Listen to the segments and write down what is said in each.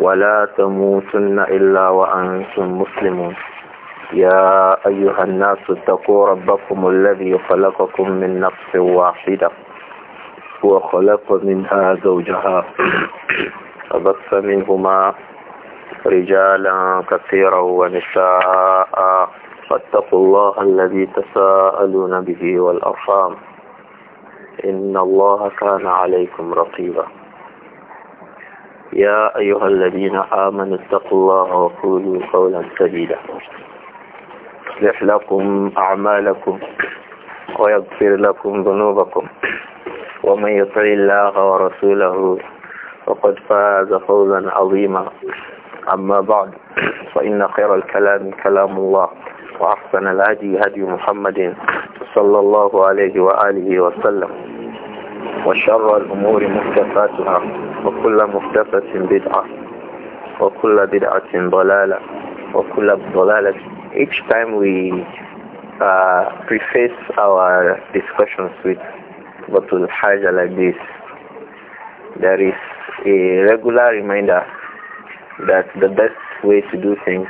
ولا تموتن إلا وأنتم مسلمون يا أيها الناس اتقوا ربكم الذي خلقكم من نفس واحدة وخلق منها زوجها فبث منهما رجالا كثيرا ونساء فاتقوا الله الذي تساءلون به والأرحام إن الله كان عليكم رقيبا يا أيها الذين آمنوا اتقوا الله وقولوا قولا سديدا يصلح لكم أعمالكم ويغفر لكم ذنوبكم ومن يطع الله ورسوله فقد فاز فوزا عظيما أما بعد فإن خير الكلام كلام الله وأحسن الهدي هدي محمد صلى الله عليه وآله وسلم وشر الأمور محدثاتها وكل محدثة بدعة وكل بدعة ضلالة وكل ضلالة Each time we uh, preface our discussions with Batul Hajj like this, there is a regular reminder that the best way to do things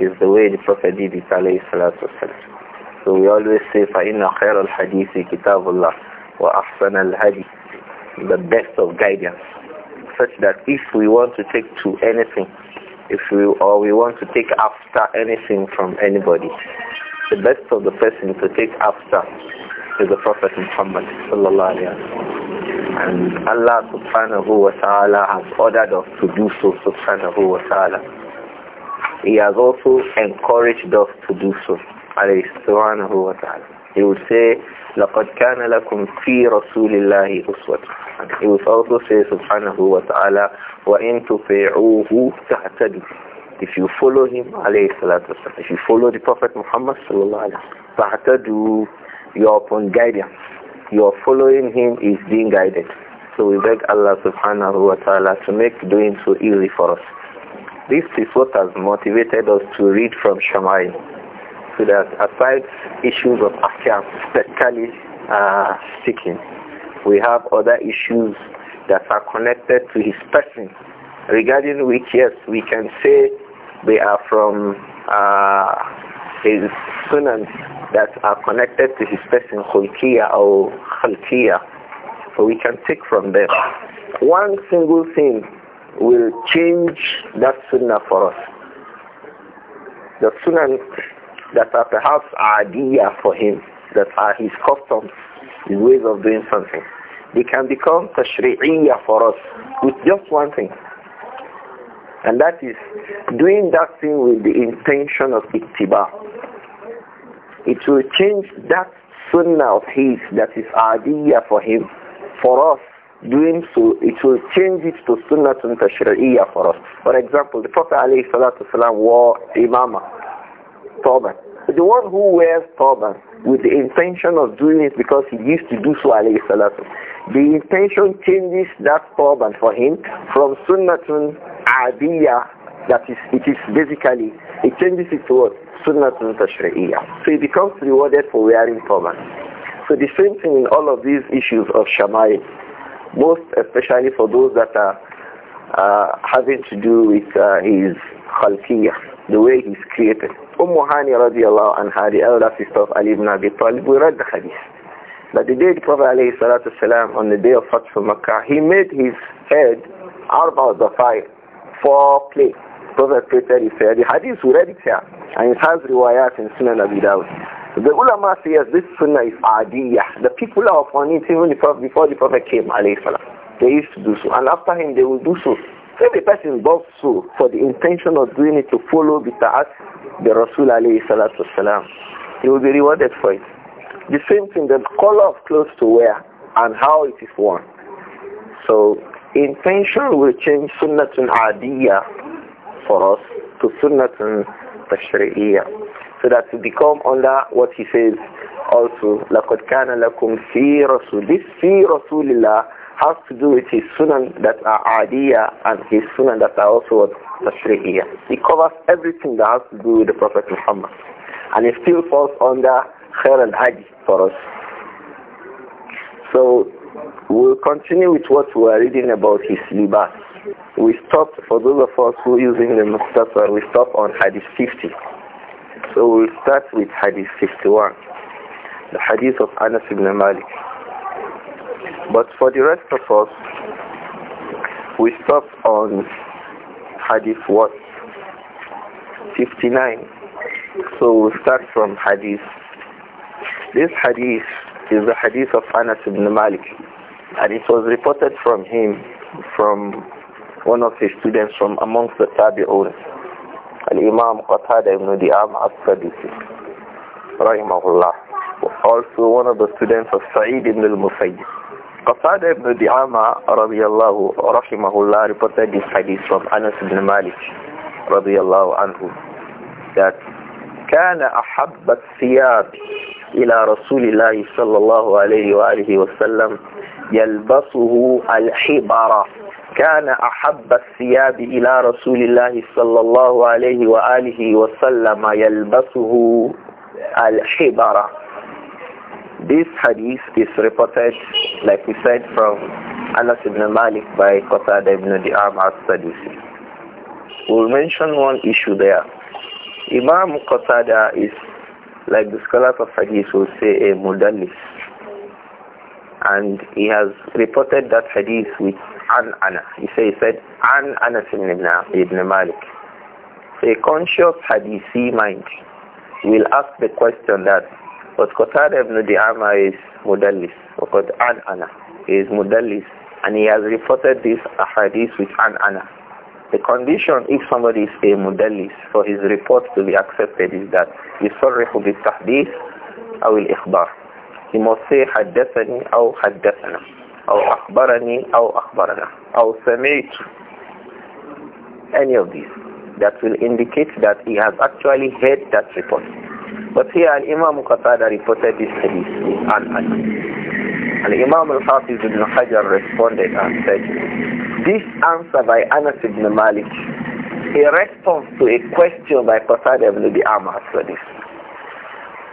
is the way the Prophet did it, So we always say, فَإِنَّ خَيْرَ الْحَدِيثِ كِتَابُ اللَّهِ وَأَحْسَنَ الْهَدِي The best of guidance such that if we want to take to anything, if we or we want to take after anything from anybody, the best of the person to take after is the Prophet Muhammad sallallahu alaihi wasallam. And Allah subhanahu wa ta'ala has ordered us to do so subhanahu wa ta'ala. He has also encouraged us to do so alayhi subhanahu wa ta'ala. He would say, لَقَدْ كَانَ لَكُمْ فِي رَسُولِ اللَّهِ أُسْوَةٌ he would also say, subhanahu wa ta'ala, وَإِن تُفِعُوهُ تَهْتَدُوا If you follow him, alayhi salatu if you follow the Prophet Muhammad sallallahu alayhi wa sallam, you are upon guidance. You are following him is being guided. So we beg Allah subhanahu wa ta'ala to make doing so easy for us. This is what has motivated us to read from Shammai so that aside issues of Akia especially uh, seeking, we have other issues that are connected to his person, regarding which, yes, we can say they are from uh, his sunans that are connected to his person, khulkiya or khalkiya. So we can take from them. One single thing will change that sunnah for us. The sunnah that are perhaps idea for him, that are his customs, his ways of doing something. They can become tashri'iyah for us with just one thing. And that is doing that thing with the intention of ittiba. It will change that sunnah of his that is idea for him, for us doing so, it will change it to sunnah to tashri'iyah for us. For example, the Prophet ﷺ wore imama, turban. The one who wears turban with the intention of doing it because he used to do so, alayhi salatu, the intention changes that turban for him from sunnatun adiyah, that is, it is basically, it changes it to Sunnatun tashri'iyah. So he becomes rewarded for wearing turban. So the same thing in all of these issues of shamai, most especially for those that are uh, having to do with uh, his khalqiyah, the way he's created. Umm Hani radiallahu anha, the elder sister of Ali ibn Abi Talib, we read the hadith. That the day the Prophet alayhi salatu salam, on the day of Fatih Makkah, he made his head out of the fire, for play. Prophet Peter said The hadith we read it here, and it has riwayat in Sunan Abi Dawud. The ulama says this sunnah is adiyah. The people are upon it even before the Prophet came alayhi salam. They used to do so. And after him, they will do so. Every person does so for the intention of doing it to follow bita'at the Rasul alayhi salatu wasalam, he will be rewarded for it. The same thing, the color of clothes to wear and how it is worn. So intention will change sunnatun adiyya for us to sunnatun tashriiyah, so that to become under what he says also لَقَدْ كَانَ لَكُمْ فِي رَسُولِ This فِي رَسُولِ has to do with his sunan that are adiyah and his sunan that are also here. He covers everything that has to do with the Prophet Muhammad. And it still falls under khair al-hajj for us. So we'll continue with what we are reading about his libas. We stopped, for those of us who are using the Mustafa, we stopped on Hadith 50. So we'll start with Hadith 51, the Hadith of Anas ibn Malik. But for the rest of us, we stop on Hadith what? 59. So we'll start from Hadith. This Hadith is the Hadith of Anas ibn Malik. And it was reported from him, from one of his students from amongst the Tabi'un, Al-Imam Qatada ibn Di'am al-Sadisi, rahimahullah. Also one of the students of Sa'id ibn al ابن Qasada ibn Di'ama radiyallahu rahimahullah reported this hadith from Anas ibn Malik الله عنه that كان أحب الثياب إلى رسول الله صلى الله عليه وآله وسلم يلبسه الحبارة كان أحب الثياب إلى رسول الله صلى الله عليه وآله وسلم يلبسه الحبارة This hadith is reported, like we said, from Anas ibn Malik by Qatada ibn Di'am al-Sadusi. We'll mention one issue there. Imam Qatada is, like the scholars of hadith will say, a mudallis. And he has reported that hadith with an Anas. He, say, he said, an Anas ibn, Malik. a conscious hadithi mind will ask the question that but Qatar ibn Di'ama is Mudallis. Waqad an ana. is Mudallis. And he has reported this hadith with an ana. The condition if somebody is a Mudallis for his report to be accepted is that يصرح بالتحديث أو الإخبار. He must say حدثني أو حدثنا أو أخبرني أو أخبرنا أو سمعت any of these that will indicate that he has actually heard that report. But here Al-Imam Qatada reported this hadith and Al-Imam Al-Hafiz ibn Hajar responded and said, this answer by Anas ibn Malik, a response to a question by Qatada ibn Bi'ama after this.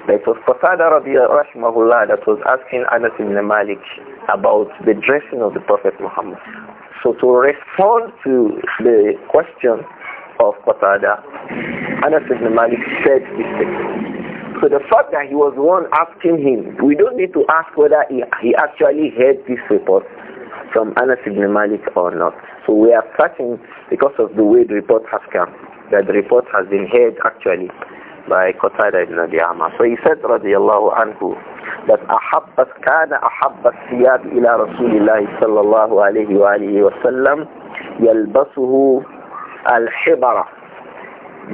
It was Qatada that was asking Anas ibn Malik about the dressing of the Prophet Muhammad. So to respond to the question of Qatada, Anas ibn Malik said this thing. So the fact that he was the one asking him, we don't need to ask whether he, he actually heard this report from Anas ibn Malik or not. So we are starting because of the way the report has come, that the report has been heard actually by Qatada ibn Abiyama. So he said, radiallahu anhu, that أحبت كان أحب الثياب إلى رسول الله صلى الله عليه وآله وسلم يلبسه al-hibara,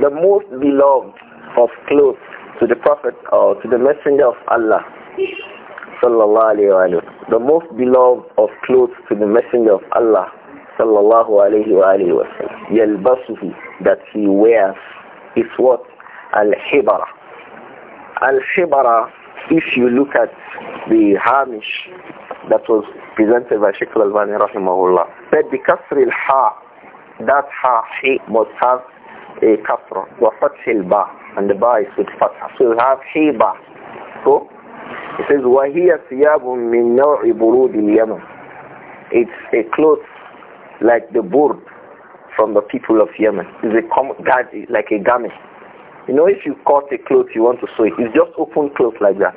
the most beloved of clothes to the Prophet or to the Messenger of Allah. Sallallahu alayhi wa The most beloved of clothes to the Messenger of Allah. Sallallahu alayhi wa alayhi wa Yalbasuhi, that he wears, is what? Al-hibara. Al-hibara, if you look at the hamish that was presented by Sheikh Al-Albani rahimahullah, the al-ha' that ha, he must have a kasra. Wa fathil ba. And the ba is with fatha. So you have he ba. So, it says, وَهِيَ ثِيَابٌ مِنْ نَوْعِ بُرُودِ الْيَمَنِ It's a cloth like the burd from the people of Yemen. It's a com like a garment. You know, if you cut a cloth, you want to sew it. It's just open cloth like that.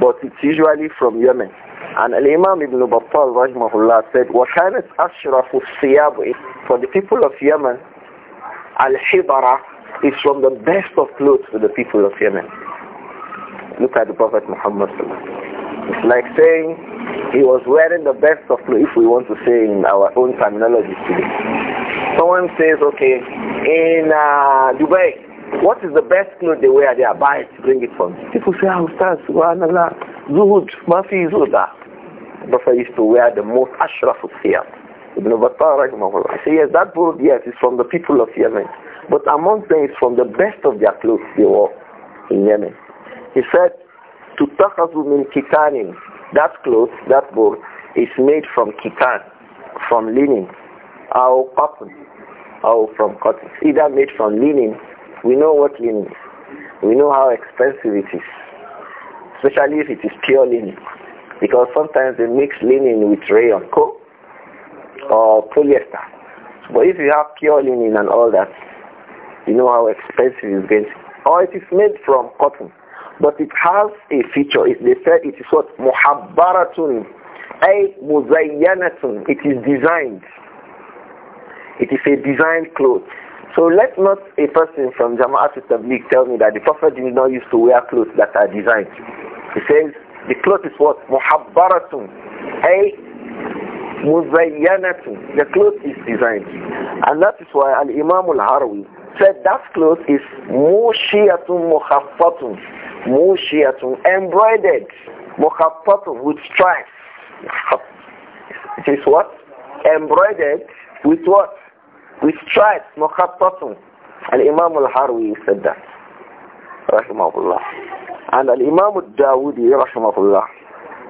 But it's usually from Yemen. And Al-Imam Ibn Battal rajmahullah said, وَكَانَتْ أَشْرَفُ الثِّيَابِ For the people of Yemen, Al-Hibara is from the best of clothes for the people of Yemen. Look at the Prophet Muhammad It's like saying he was wearing the best of clothes, if we want to say in our own terminology today. Someone says, okay, in uh, Dubai, what is the best clothes they wear there? Buy it, bring it for me. People say, oh, Ustaz, subhanallah. Zuhud, Mafi Zuhuda. Basra used to wear the most ashraf of Siyat. Ibn Battar, rahimahullah. So yes, that robe, yes, is from the people of Yemen. But among them, it's from the best of their clothes they wore in Yemen. He said, to takhazu min kitanin. That cloth, that board is made from kitan, from linen, or cotton, or from cotton. either made from linen, we know what linen is. We know how expensive it is especially if it is pure linen. Because sometimes they mix linen with rayon co or polyester. But if you have pure linen and all that, you know how expensive it's going to be. Or it is made from cotton. But it has a feature. It, they said it is what? Muhabbaratun. Ay muzayyanatun. It is designed. It is a designed cloth. So let not a person from Jama'at Tabligh tell me that the Prophet did not used to wear clothes that are designed. He says the cloth is what? Muhabbaratun. Hey, muzayyanatun. The cloth is designed. And that is why Al-Imam Al-Harwi said that cloth is mushiyatun mukhaffatun. Mushiyatun. Embroidered. Mukhaffatun. With stripes. It is what? Embroidered with what? with tribes, مخطط Al-Imam al-Harwi said that rahimahullah and Al-Imam al-Dawudi rahimahullah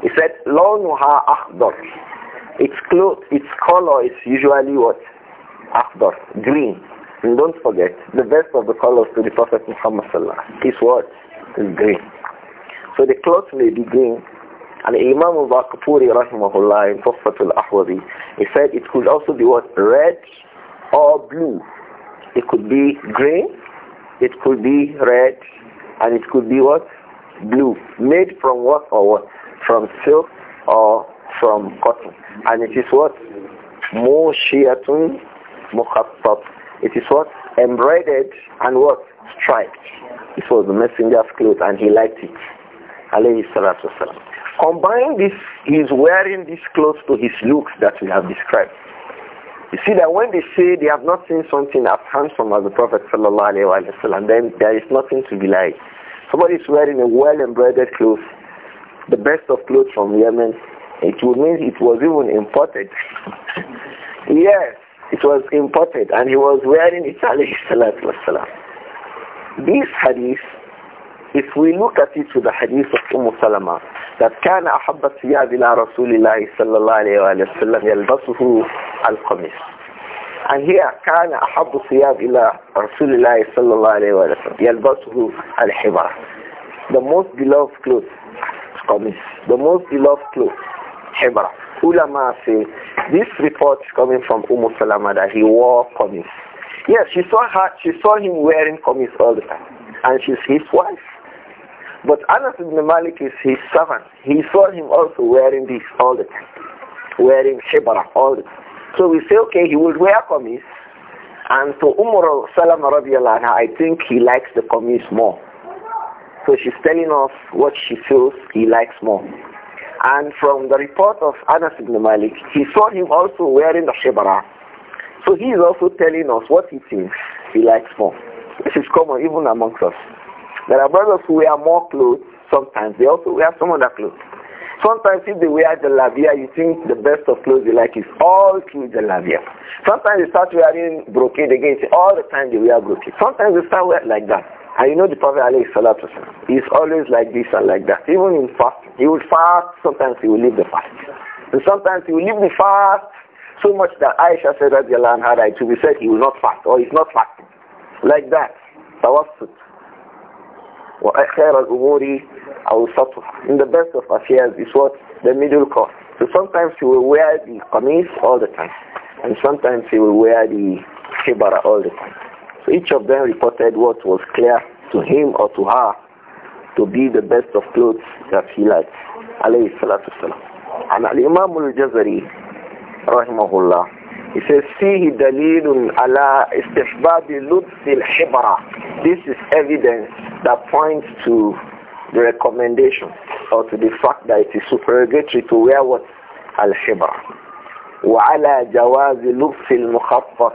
he said لونها akhdar. its cloth, its color is usually what? Akhdar, green. And don't forget, the best of the colors to the Prophet Muhammad sallallahu is what? Is green. So the clothes may be green. And Imam al-Baqaturi rahimahullah in Tufatul Ahwazi, he said it could also be what? Red or blue. It could be gray, it could be red, and it could be what? Blue. Made from what or what? From silk or from cotton. And it is what? Moshiatun mukhattab. It is what? Embroidered and what? Striped. This was the messenger's clothes and he liked it. Alayhi salatu wasalam. Combine this, he is wearing these clothes to his looks that we have described. You see that when they say they have not seen something as handsome as the Prophet sallallahu then there is nothing to be like. Somebody is wearing a well-embroidered cloth, the best of clothes from Yemen. It would mean it was even imported. yes, it was imported, and he was wearing it alayhi salatu This hadith if we look at it to the hadith of Umm Salama, that كان أحب الثياب إلى رسول الله صلى الله عليه وسلم يلبسه القميص. And here كان أحب الثياب إلى رسول الله صلى الله عليه وسلم يلبسه الحمار. The most beloved clothes, قميص. The most beloved clothes, حمار. Ulama say this report is coming from Umm Salama that he wore قميص. Yes, she saw her. She saw him wearing kameez all the time, and she's his wife. But Anas ibn Malik is his servant. He saw him also wearing this all the time, wearing shibara all the time. So we say, okay, he would wear kameez. And so Umar Salama radiallahu anha, I think he likes the kameez more. So she's telling us what she feels he likes more. And from the report of Anas ibn Malik, he saw him also wearing the shibara. So he is also telling us what he thinks he likes more. This is common even amongst us. There are brothers who wear more clothes. Sometimes they also wear some other clothes. Sometimes if they wear the lavia, you think the best of clothes they like is all through the lavia. Sometimes they start wearing brocade again. all the time they wear brocade. Sometimes they start wearing like that. And you know the Prophet alayhi salatu is always like this and like that. Even in fast, He will fast, sometimes he will leave the fast. And sometimes he will leave the fast so much that Aisha said that the anha that it will be said he will not fast or he's not fasting. Like that. That Tawassut. وَأَخَيْرَ الْأُمُورِ أَوْسَطُهَا In the best of affairs is what? The middle course. So sometimes he will wear the qamis all the time. And sometimes he will wear the kibara all the time. So each of them reported what was clear to him or to her to be the best of clothes that he liked. Alayhi salatu salam. And al-Imam al-Jazari, rahimahullah, he says, فيه دليل على استحباب لبس الحبرة. This is evidence that points to the recommendation or to the fact that it is supererogatory to wear what? Al-Hibra. وعلى جواز لبس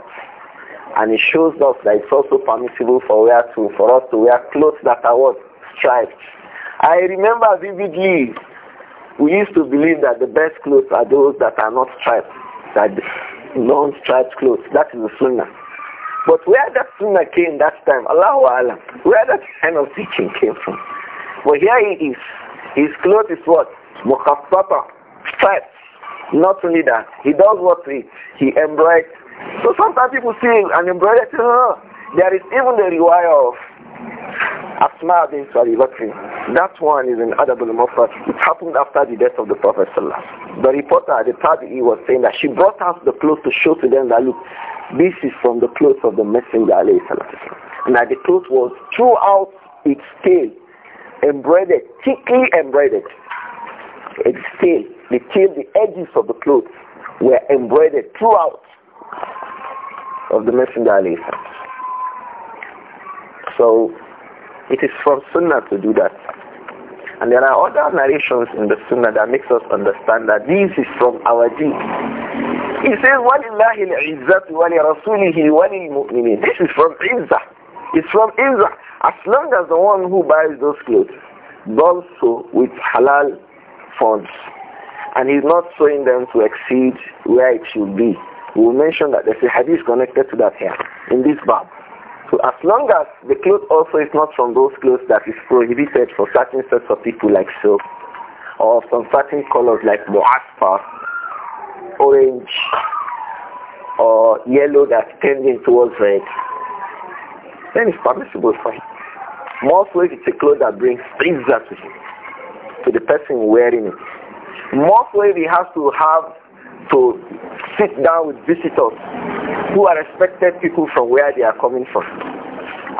and it shows us that it's also permissible for wear to for us to wear clothes that are what striped. I remember vividly we used to believe that the best clothes are those that are not striped, that non-striped clothes. That is the sunnah. But where that sunnah came that time, Allahu Alam, where that kind of teaching came from. But here he is. His clothes is what? Mukhaffata. Fat. Not only that, he does what he, he embroids. So sometimes people see an embroidered, oh, there is even the rewire of Asma bin Salivakri. That one is in Adabul al It happened after the death of the Prophet Sallallahu The reporter, the he was saying that she brought out the clothes to show to them that, look, this is from the clothes of the Messenger Now the cloth was throughout its tail, embroidered, thickly embroidered. Its tail, the tail, the edges of the cloth were embroidered throughout of the Messenger So it is from Sunnah to do that. And there are other narrations in the Sunnah that makes us understand that this is from our deed. He says, وَلِلَّهِ الْعِزَّةُ وَلِرَسُولِهِ وَلِلْمُؤْمِنِينَ This is from Izzah. It's from Izzah. As long as the one who buys those clothes does so with halal funds and he's not sowing them to exceed where it should be. We'll mention that there's a hadith connected to that here in this bab. So as long as the cloth also is not from those clothes that is prohibited for certain sets of people like silk or from certain colors like mu'asfar orange or yellow that's tending towards red, then it's permissible for him. More so if it's a cloth that brings pizza to to the person wearing it. More so if he has to have to sit down with visitors who are respected people from where they are coming from.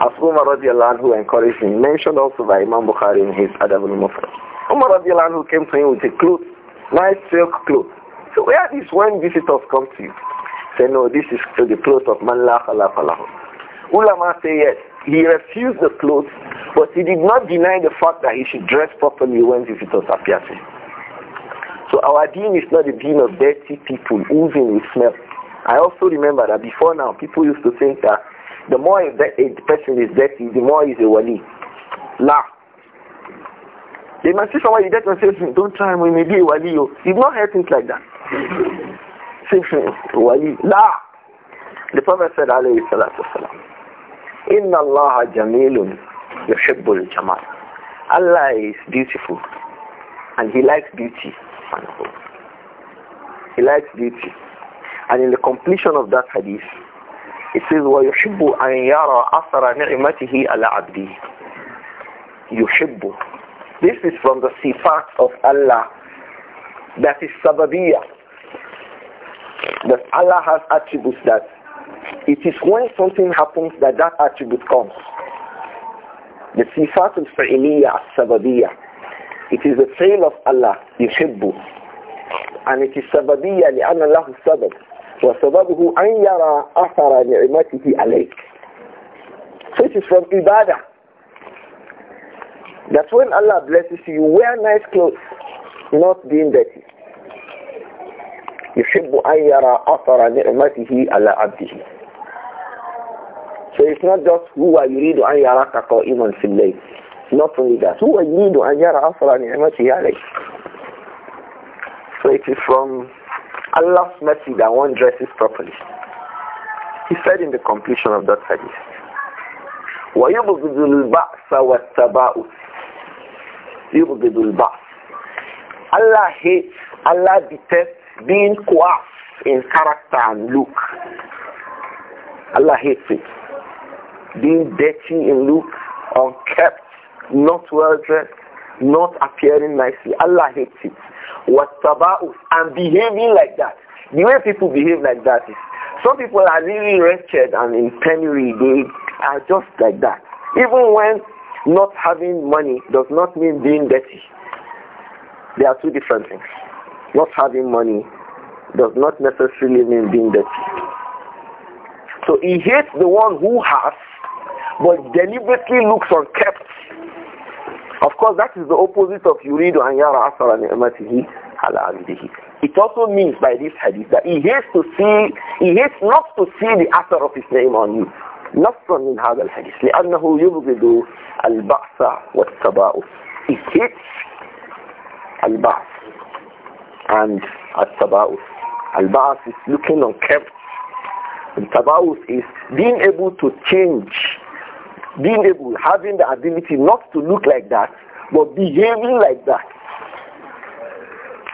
As Umar radiallahu who encouraged him, mentioned also by Imam Bukhari in his Adab al-Mufrad. Umar who came to him with a cloth, nice silk cloth. So where is when visitors come to you? Say, no, this is the clothes of man la khalafalahu. Ulama say yes. He refused the clothes, but he did not deny the fact that he should dress properly when visitors appear to him. So our deen is not a deen of dirty people oozing with smell. I also remember that before now, people used to think that the more a, a person is dirty, the more he's a wali. La. They must see somebody dirty and say, hmm, don't try him, he may be a wali. Oh. It's not help things like that. ولي لا للبروفيت said عليه الصلاة والسلام إن الله جميل يحب الجمال Allah is beautiful and he likes beauty he likes beauty and in the completion of that hadith it says ويحب أن يرى أثر نعمته على عبده يحب this is from the sifat of Allah that is sababiyah That Allah has attributes that it is when something happens that that attribute comes. The sifat al-fa'iliyya al-sababiyya. It is the fail of Allah, yuhibbu. And it is sababiyya لأن الله السبب. وسببه أن يرى أثر نعمته عليك. So it is from ibadah. That when Allah blesses you, wear nice clothes, not being dirty. يحب أن يرى أثر نعمته على عبده So it's not just who يريد أن يراك قائما في الليل Not only that هو يريد أن يرى أثر نعمته عليه So it is from Allah's mercy that one dresses properly He said in the completion of that hadith ويبغض البأس والتباؤس يبغض البأس Allah hates, Allah detests being coarse in character and look. Allah hates it. Being dirty in look, unkept, not well dressed, not appearing nicely. Allah hates it. Wattaba'us and behaving like that. The way people behave like that is some people are really wretched and in penury. They are just like that. Even when not having money does not mean being dirty. They are two different things. Not having money does not necessarily mean being dirty. So he hates the one who has, but deliberately looks on kept. Of course, that is the opposite of yuridu an yara It also means by this hadith that he hates to see, he hates not to see the asar of his name on you. نصا من هذا الحديث لأنه يبغض البعث والتباؤس. He hates البعث and At-Taba'us. Al-Ba'as is looking on kept. Al-Taba'us is being able to change, being able, having the ability not to look like that, but behaving like that.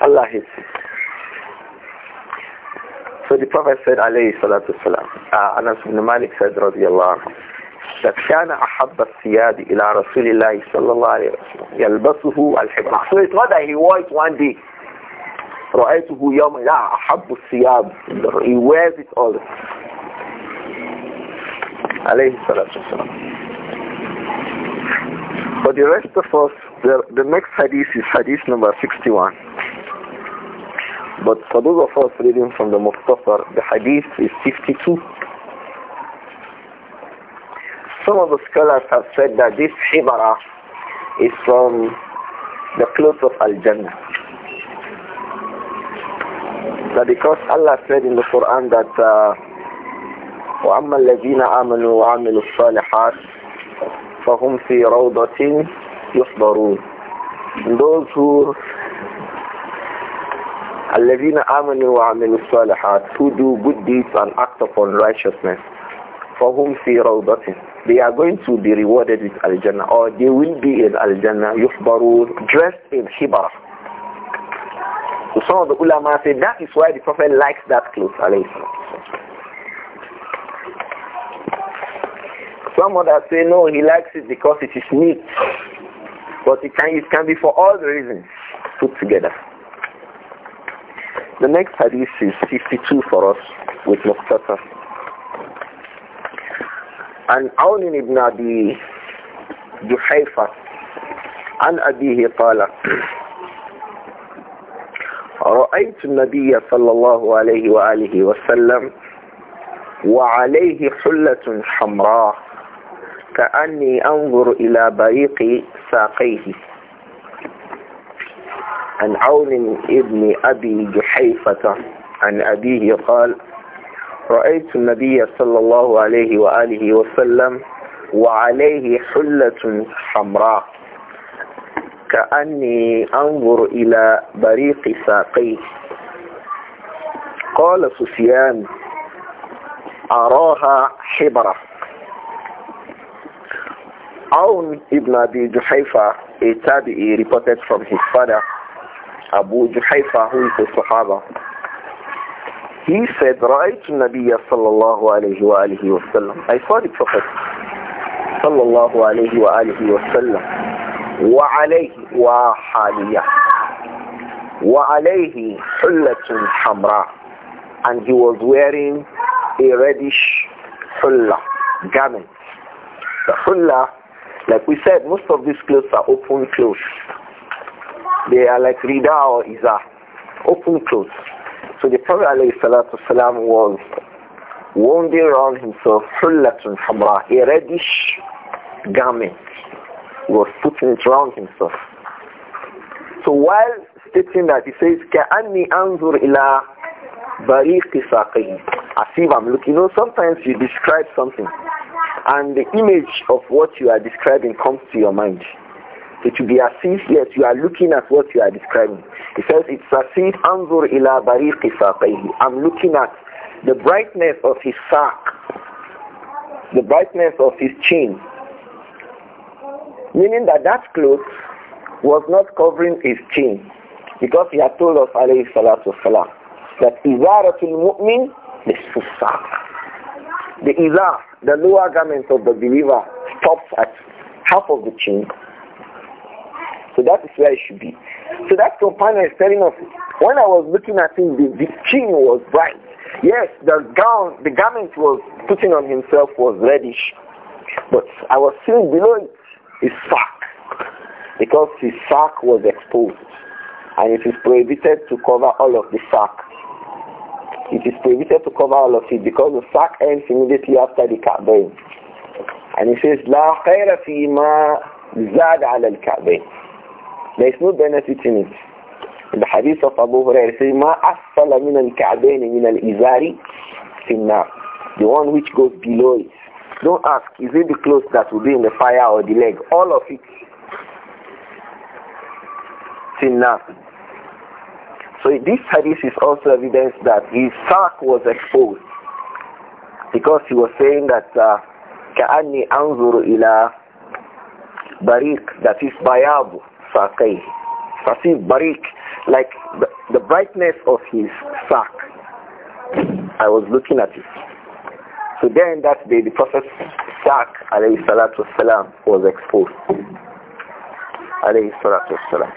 Allah hates So the Prophet said, alayhi salatu salam, uh, Anas ibn Malik said, radiyallahu anhu, that كان أحب الثياب إلى رسول الله صلى الله عليه وسلم يلبسه الحبار. So it's not that he wore it one day. رأيته يوم لا أحب الثياب he wears it all عليه الصلاة والسلام but the rest of us the, the next hadith is hadith number 61 but for those of us reading from the Muqtasar the hadith is 52 some of the scholars have said that this hibara is from the clothes of Al-Jannah That because Allah said in the Quran that وَأَمَّا الَّذِينَ آمَنُوا وَعَمِلُوا الصَّالِحَاتِ فَهُمْ فِي رَوْضَةٍ يُحْضَرُونَ Those who الَّذِينَ آمَنُوا وَعَمِلُوا الصَّالِحَاتِ who do good deeds and act upon righteousness for whom فِي رَوْضَةٍ They are going to be rewarded with Al-Jannah or they will be in Al-Jannah yufbarun dressed in hibarah So some of the ulama say that is why the Prophet likes that clothes. Some others say no, he likes it because it is neat. But it can, it can be for all the reasons put together. The next hadith is 52 for us with Muqtasar. عن عون بن أبي جحيفة عن أبيه قال رأيت النبي صلى الله عليه وآله وسلم وعليه حلة حمراء كأني أنظر إلى بريق ساقيه عن عون ابن أبي جحيفة عن أبيه قال رأيت النبي صلى الله عليه وآله وسلم وعليه حلة حمراء كأني أنظر إلى بريق ساقي قال سفيان أراها حبرة عون ابن أبي جحيفة a reported from his father أبو جحيفة who الصحابة he said رأيت النبي صلى الله عليه وآله وسلم I saw the Prophet صلى الله عليه وآله وسلم وعليه وحالية وعليه حلة حمراء and he was wearing a reddish hulla garment. The hulla, like we said, most of these clothes are open clothes. They are like rida or iza, open clothes. So the Prophet ﷺ was wounding around himself hullatun hamra, a reddish garment. He was putting it around himself. So while stating that, he says, كَأَنِّي أَنْظُرْ إِلَىٰ بَرِيقِ سَاقِهِ As if I'm looking. You know, sometimes you describe something and the image of what you are describing comes to your mind. It will be as if, yes, you are looking at what you are describing. He says, it's as if أَنْظُرْ إِلَىٰ بَرِيقِ سَاقِهِ I'm looking at the brightness of his sack, the brightness of his chin, Meaning that that cloth was not covering his chin. Because he had told us, alayhi salatu wasalam, that izaratul mu'min is The izar, the lower garment of the believer, stops at half of the chin. So that is where it should be. So that companion is telling us, when I was looking at him, the, the chin was bright. Yes, the gown, the garment was putting on himself was reddish, but I was seeing below it his because his sack was exposed and it is prohibited to cover all of the sack. It is prohibited to cover all of it because the sack ends immediately after the Ka'bayn. And he says, لا خير فيما زاد على الكعبين. There is no benefit in it. In the hadith of Abu Hurairah, it says, ما أصل من الكعبين من الإزاري في النار. The one which goes below it don't ask, is it the clothes that will be in the fire or the leg? All of it. now. So this hadith is also evidence that his sack was exposed because he was saying that كأني uh, anzuru ila barik that is bayab ساقيه فسيف barik, like the, the brightness of his sack I was looking at it so then that day the Prophet Ishaq alayhi salatu wasalam was exposed. Alayhi salatu wasalam.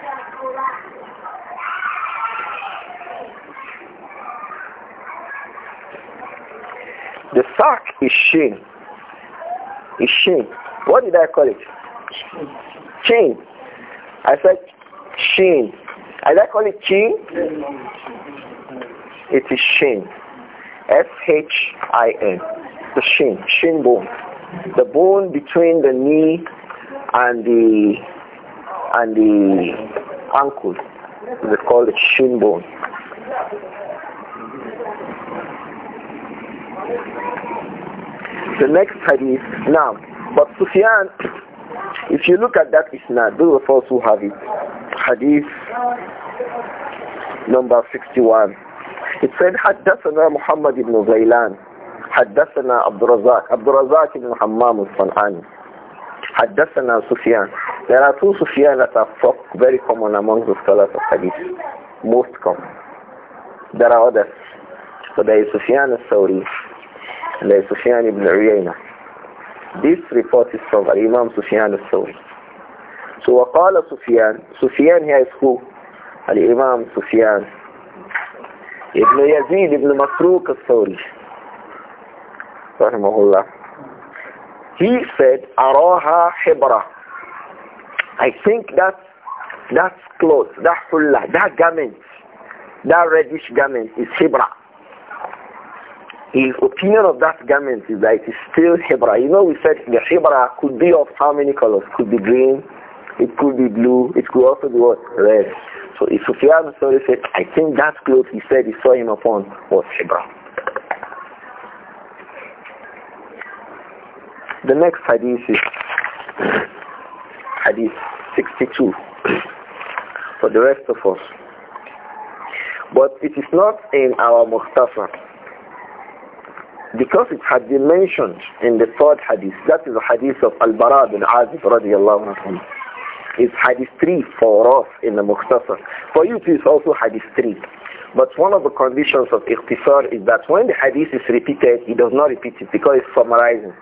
The sack is shame. It's shame. What did I call it? Chain. I said shame. I like call it chain. It is shame. S H I N the shin, shin bone, the bone between the knee and the and the ankle. It's called the shin bone. The next hadith now, but Sufyan, if you look at that not those of us who have it, hadith number 61. It said, حدثنا محمد بن غيلان حدثنا عبد الرزاق عبد الرزاق بن حمام الصنعاني حدثنا سفيان there are two سفيان that are very common among the scholars of hadith most common there are others so there is سفيان الثوري and there is سفيان بن عيينة this report is from Imam سفيان الثوري so وقال سفيان سفيان here is who الإمام سفيان ابن يزيد ابن مسروق الثوري rahimahullah, he said, Araha Hebra. I think that that cloth, that hullah, that garment, that reddish garment is Hebra. His opinion of that garment is that it is still Hebra. You know we said the Hebra could be of how many colors? Could be green, it could be blue, it could also be what? Red. So if Sufyan Sori said, I think that cloth he said he saw him upon was Hebra. The next hadith is hadith 62 for the rest of us. But it is not in our Mustafa. Because it had been mentioned in the third hadith, that is the hadith of Al-Bara bin Azib radiallahu anhu. It's hadith 3 for us in the Mukhtasar. For you it is also hadith 3. But one of the conditions of iqtisar is that when the hadith is repeated, it does not repeat it because it's summarizing.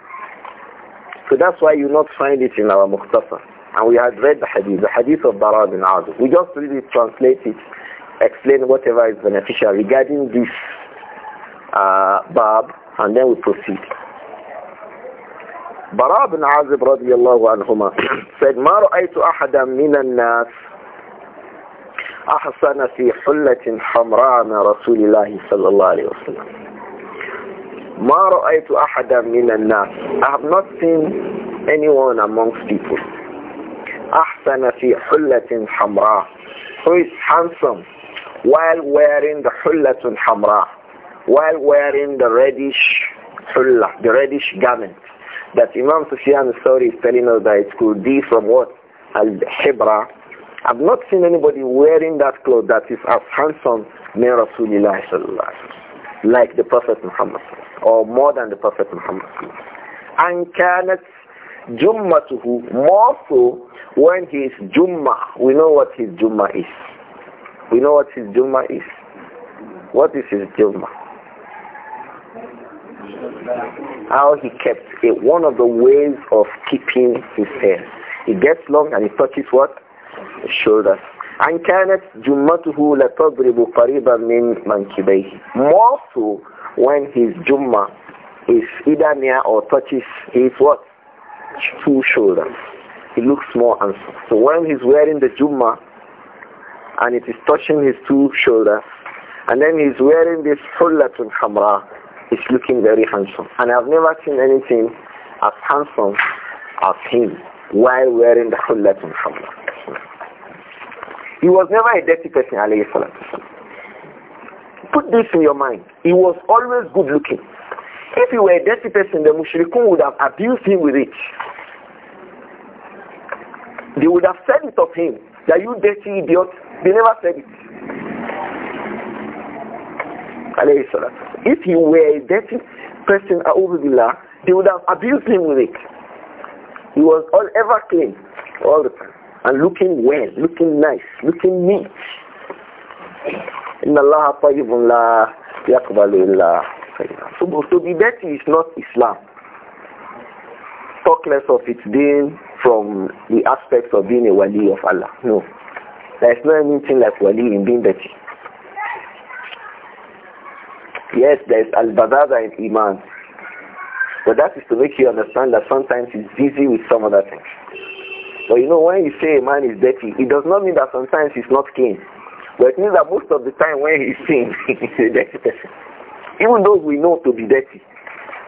So that's why you not find it in our Muqtasar. And we had read the hadith, the hadith of Bara bin Azim. We just read it, translate it, explain whatever is beneficial regarding this uh, bab, and then we proceed. Bara bin Azib radiallahu anhuma said, ما رأيت أحدا من الناس أحسن في حلة حمراء من رسول الله صلى الله عليه وسلم. I have not seen anyone amongst people أحسن في حلة حمراء who is handsome while wearing the حلة hamra. while wearing the reddish حلة the reddish garment that Imam Sufyan Sawri is telling us that it could be from what? Al-Hibra. I've not seen anybody wearing that cloth that is as handsome near Rasulullah like the Prophet Muhammad or more than the Prophet Muhammad. And كانت جمته more so when he is Jumma, we know what his Jumma is. We know what his Jumma is. What is his Jumma? How he kept it, one of the ways of keeping his hair. He gets long and it touches what? His shoulders. And كانت جمته لتضرب قريبا من منكبيه. More so when his Jumma is either near or touches his what? Two shoulders. He looks more handsome. So when he's wearing the Jumma and it is touching his two shoulders, and then he's wearing this Hullatun Hamra, he's looking very handsome. And I've never seen anything as handsome as him while wearing the Hullatun Hamra. He was never a dirty person, alayhi salatu Put this in your mind. He was always good looking. If he were a dirty person, the Mushrikun would have abused him with it. They would have said it of him, that you dirty idiot. They never said it. If he were a dirty person, Billah, they would have abused him with it. He was all ever clean, all the time, and looking well, looking nice, looking neat. إن الله طيب لا يقبل إلا خيرا So be dirty is not Islam. Talk less of it being from the aspects of being a wali of Allah. No. There is no anything like wali in being dirty. Yes, there is al-badaza in Iman. But that is to make you understand that sometimes he's busy with some other things. But you know, when you say a man is dirty, it does not mean that sometimes he's not clean. But it means that most of the time when he's a dirty person. Even those we know to be dirty.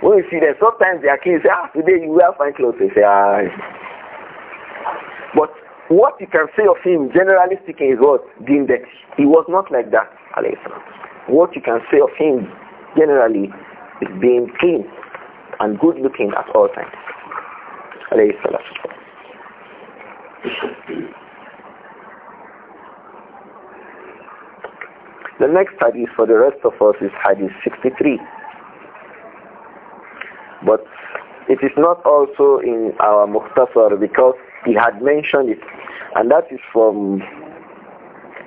When we see them, sometimes their kids say, ah, today you wear fine clothes. They say, ah. But what you can say of him, generally speaking, is what? Being dirty. He was not like that, Alayhi What you can say of him, generally, is being clean and good looking at all times. Alayhi The next hadith for the rest of us is hadith 63. But it is not also in our Muqtasar because he had mentioned it. And that is from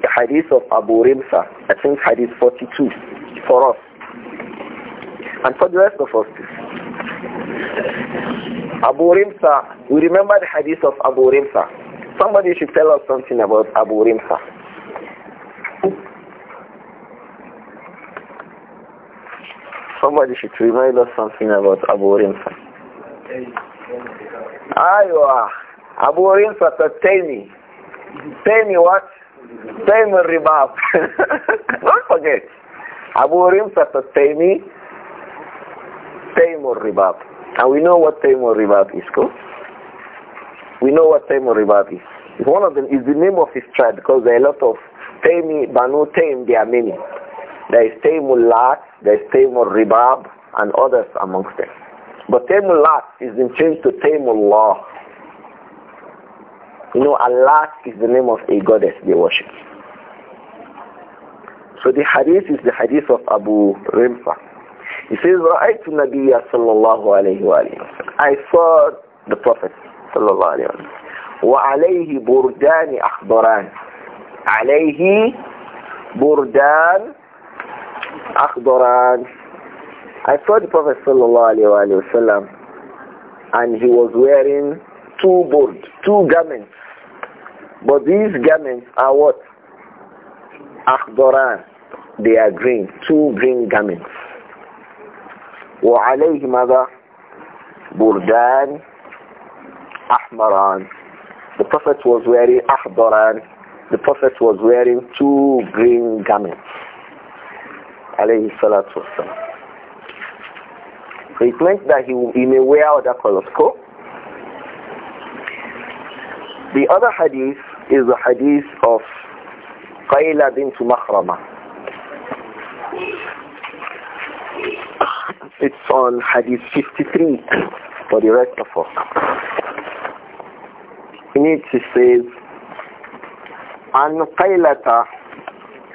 the hadith of Abu Rimsa, I think hadith 42 for us. And for the rest of us, Abu Rimsa, we remember the hadith of Abu Rimsa. Somebody should tell us something about Abu Rimsa. Somebody should remind us something about Abu Rimsa. Aywa. Abu Rimsa Tatani. Tell me what? Tell me ribab. Don't forget. Abu Rimsa Tatani. Taimur ribab. And we know what Taimur ribab is, cool? We know what Taimur ribab is. one of them is the name of his tribe because there are a lot of Taimi, Banu Taim, there are many. There is Taymullat, there is Taymul Ribab, and others amongst them. But Taymullat is in change to Taymullah. You know, Allah is the name of a goddess they worship. So the hadith is the hadith of Abu Rimfa. He says, رَأَيْتُ النَّبِيَّ صَلَّى اللَّهُ عَلَيْهِ وَآلِهِ I saw the Prophet wa الله عليه وسلم وعليه بردان Akhbaran. I saw the Prophet sallallahu alayhi wa sallam and he was wearing two board, two garments. But these garments are what? Akhbaran. They are green, two green garments. alayhi mada burdan ahmaran. The Prophet was wearing أخضران. The Prophet was wearing two green garments alayhi salatu wasalam. So it means that he, he may wear other colors. Cool? The other hadith is the hadith of Qayla bint Makhrama. It's on hadith 53 for the rest of us. In it it says, عن قيلة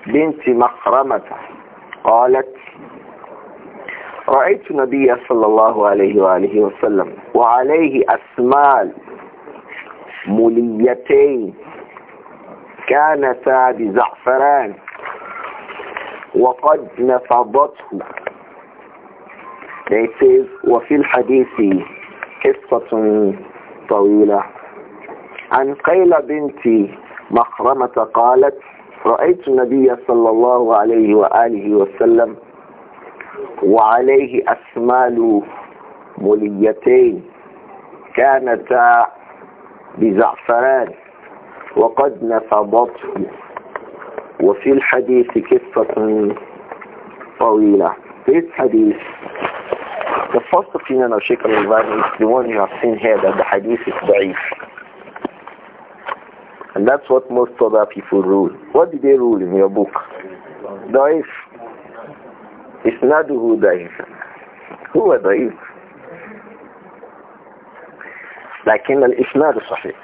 بنت مخرمة قالت رأيت نبي صلى الله عليه وآله وسلم وعليه أسمال مليتين كانتا بزعفران وقد نفضته وفي الحديث قصة طويلة عن قيل بنتي مخرمة قالت رأيت النبي صلى الله عليه وآله وسلم وعليه أسمال مليتين كانتا بزعفران وقد نفضته وفي الحديث قصة طويلة في الحديث تفصل فينا نشيك الله المسلمون يعصين هذا الحديث الضعيف And that's what most other people rule. What did they rule in your book? Daif. Isnaduhu daif. Who are daif? لكن الإسناد صحيح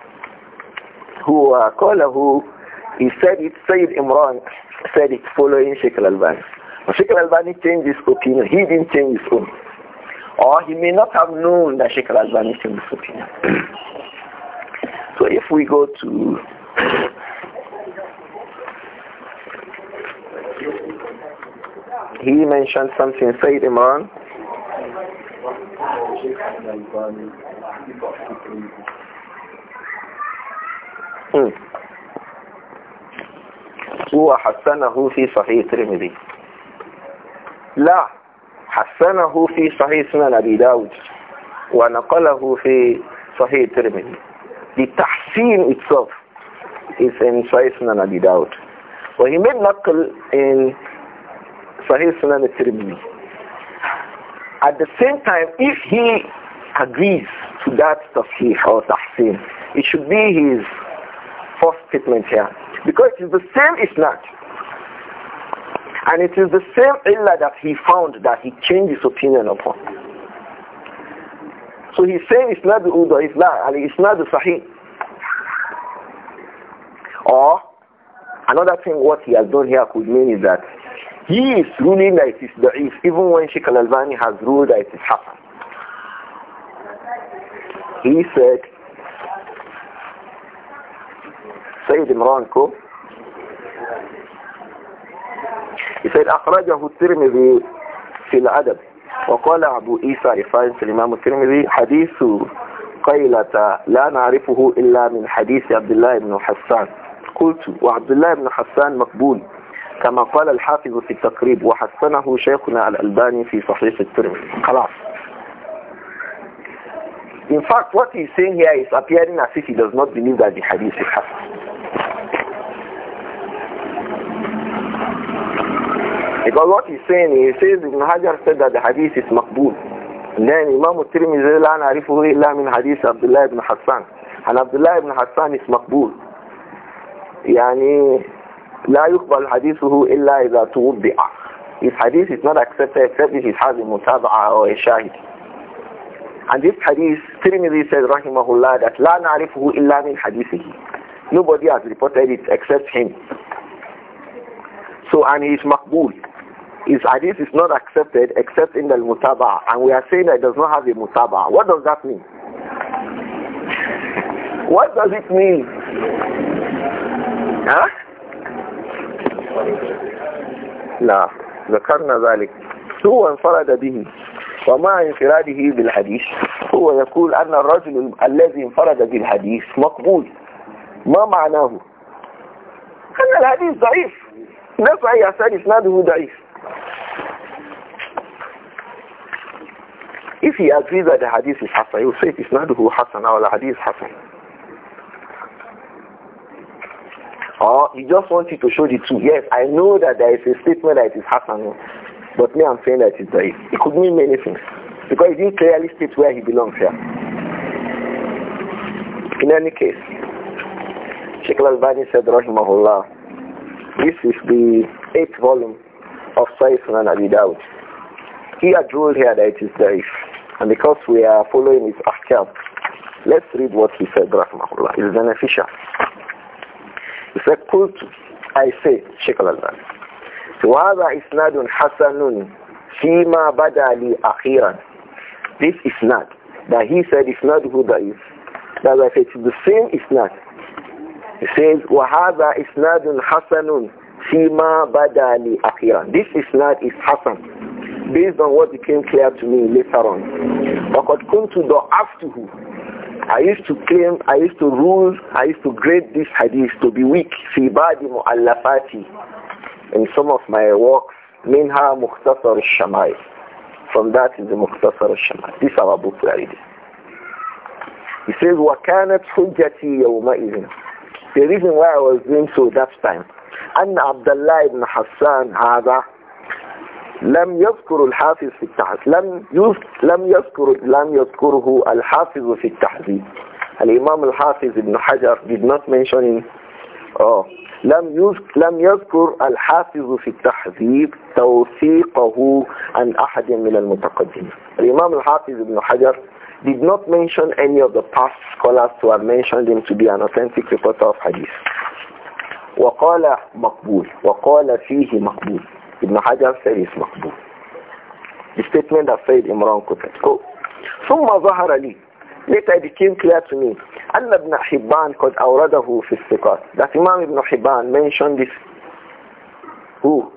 هو قاله he said it Sayyid Imran said it following Sheikh Al-Albani Sheikh Al-Albani changed his opinion he didn't change his own or he may not have known that Sheikh Al-Albani changed his opinion So if we go to he mentioned something, Said Imran. Hmm. هو حسنه في صحيح الترمذي لا حسنه في صحيح سنن أبي داود ونقله في صحيح الترمذي the tahsin itself is in Sahih Sunan Abi Dawud. But he made naql in Sahih Sunan al-Tirmidhi. At the same time, if he agrees to that tafsir or tahsin, it should be his first statement here. Because it is the same not? And it is the same illah that he found that he changed his opinion upon. So he's saying it's not the Uda, it's not, it's not the Sahih. Or another thing what he has done here could mean is that he is ruling that it is da'if, even when Sheikh al-Albani has ruled that it is happened. He said, Sayyid Imran Ko, he said, أخرجه الترمذي في الأدب وقال أبو إيسى رفاين سليمان الإمام الترمذي حديث قيلة لا نعرفه إلا من حديث عبد الله بن حسان قلت وعبد الله بن حسان مقبول كما قال الحافظ في التقريب وحسنه شيخنا الألباني في صحيح الترمذي خلاص In fact, what he's saying here is appearing as if he does not believe that the hadith is Hassan. Because what he's saying, he says Ibn Hajar said that the hadith is maqbool. And then Imam al-Tirmidhi la na'rifuhu illa min hadith Abdullah ibn Hassan. And Abdullah ibn Hassan is maqbool. يعني لا يقبل حديثه إلا إذا توضع. His hadith is not accepted except if it has a mutaba'a or a shahid. And this hadith, Tirmidhi says, rahimahullah, that لا نعرفه إلا من حديثه. Nobody has reported it except him. So, and he is maqbool. his hadith is not accepted except in the mutaba and we are saying that it does not have a mutaba. What does that mean? What does it mean? Huh? no ذكرنا ذلك هو انفرد به ومع انفراده بالحديث هو يقول أن الرجل الذي انفرد بالحديث مقبول ما معناه أن الحديث ضعيف نفع يسار إسناده ضعيف If he agrees that the hadith is Hasan, he will say it is not who Hassan or the hadith is Hasan. Or he just wants you to show the two. Yes, I know that there is a statement that it is Hasan, but me I'm saying that it's Daif. It could mean many things. Because he didn't clearly state where he belongs here. In any case, Sheikh Al-Bani said, Rahimahullah, this is the eighth volume of Sahih Sunan Abi Dawud. He had ruled here that it is Daif. And because we are following his akhbar, let's read what he said, rahmahullah. It's beneficial. He said, قلت I say, Sheikh al-Albani. So, وهذا إسناد حسن فيما بدا لي أخيرا. This is not that he said is not who that is. That I said it's the same is not. He says وهذا إسناد حسن hasanun, بدا لي أخيرا. This is not is Hassan based on what became clear to me later on. I used to claim, I used to rule, I used to grade this hadith to be weak. فِي بَعْدِ مُؤَلَّفَاتِ In some of my works, مِنْهَا مُخْتَصَرُ الشَّمَائِ From that is the مُخْتَصَرُ الشَّمَائِ This is our book we are reading. He says, وَكَانَتْ حُجَّتِي يَوْمَئِذٍ The reason why I was doing so that time, أن عبد الله بن حسان هذا لم يذكر الحافظ في التحذيب لم لم يذكر لم يذكره الحافظ في التحذيب الإمام الحافظ ابن حجر did not mention oh. لم لم يذكر الحافظ في التحذيب توثيقه عن أحد من المتقدمين الإمام الحافظ ابن حجر did not mention any of the past scholars who have mentioned him to be an authentic reporter of hadith وقال مقبول وقال فيه مقبول Ibn Hajar said is maqbul. The statement that said Imran quoted. So, ثم ظهر لي later it became clear to me أن ابن حبان قد أورده في الثقات that Imam Ibn Hibban mentioned this who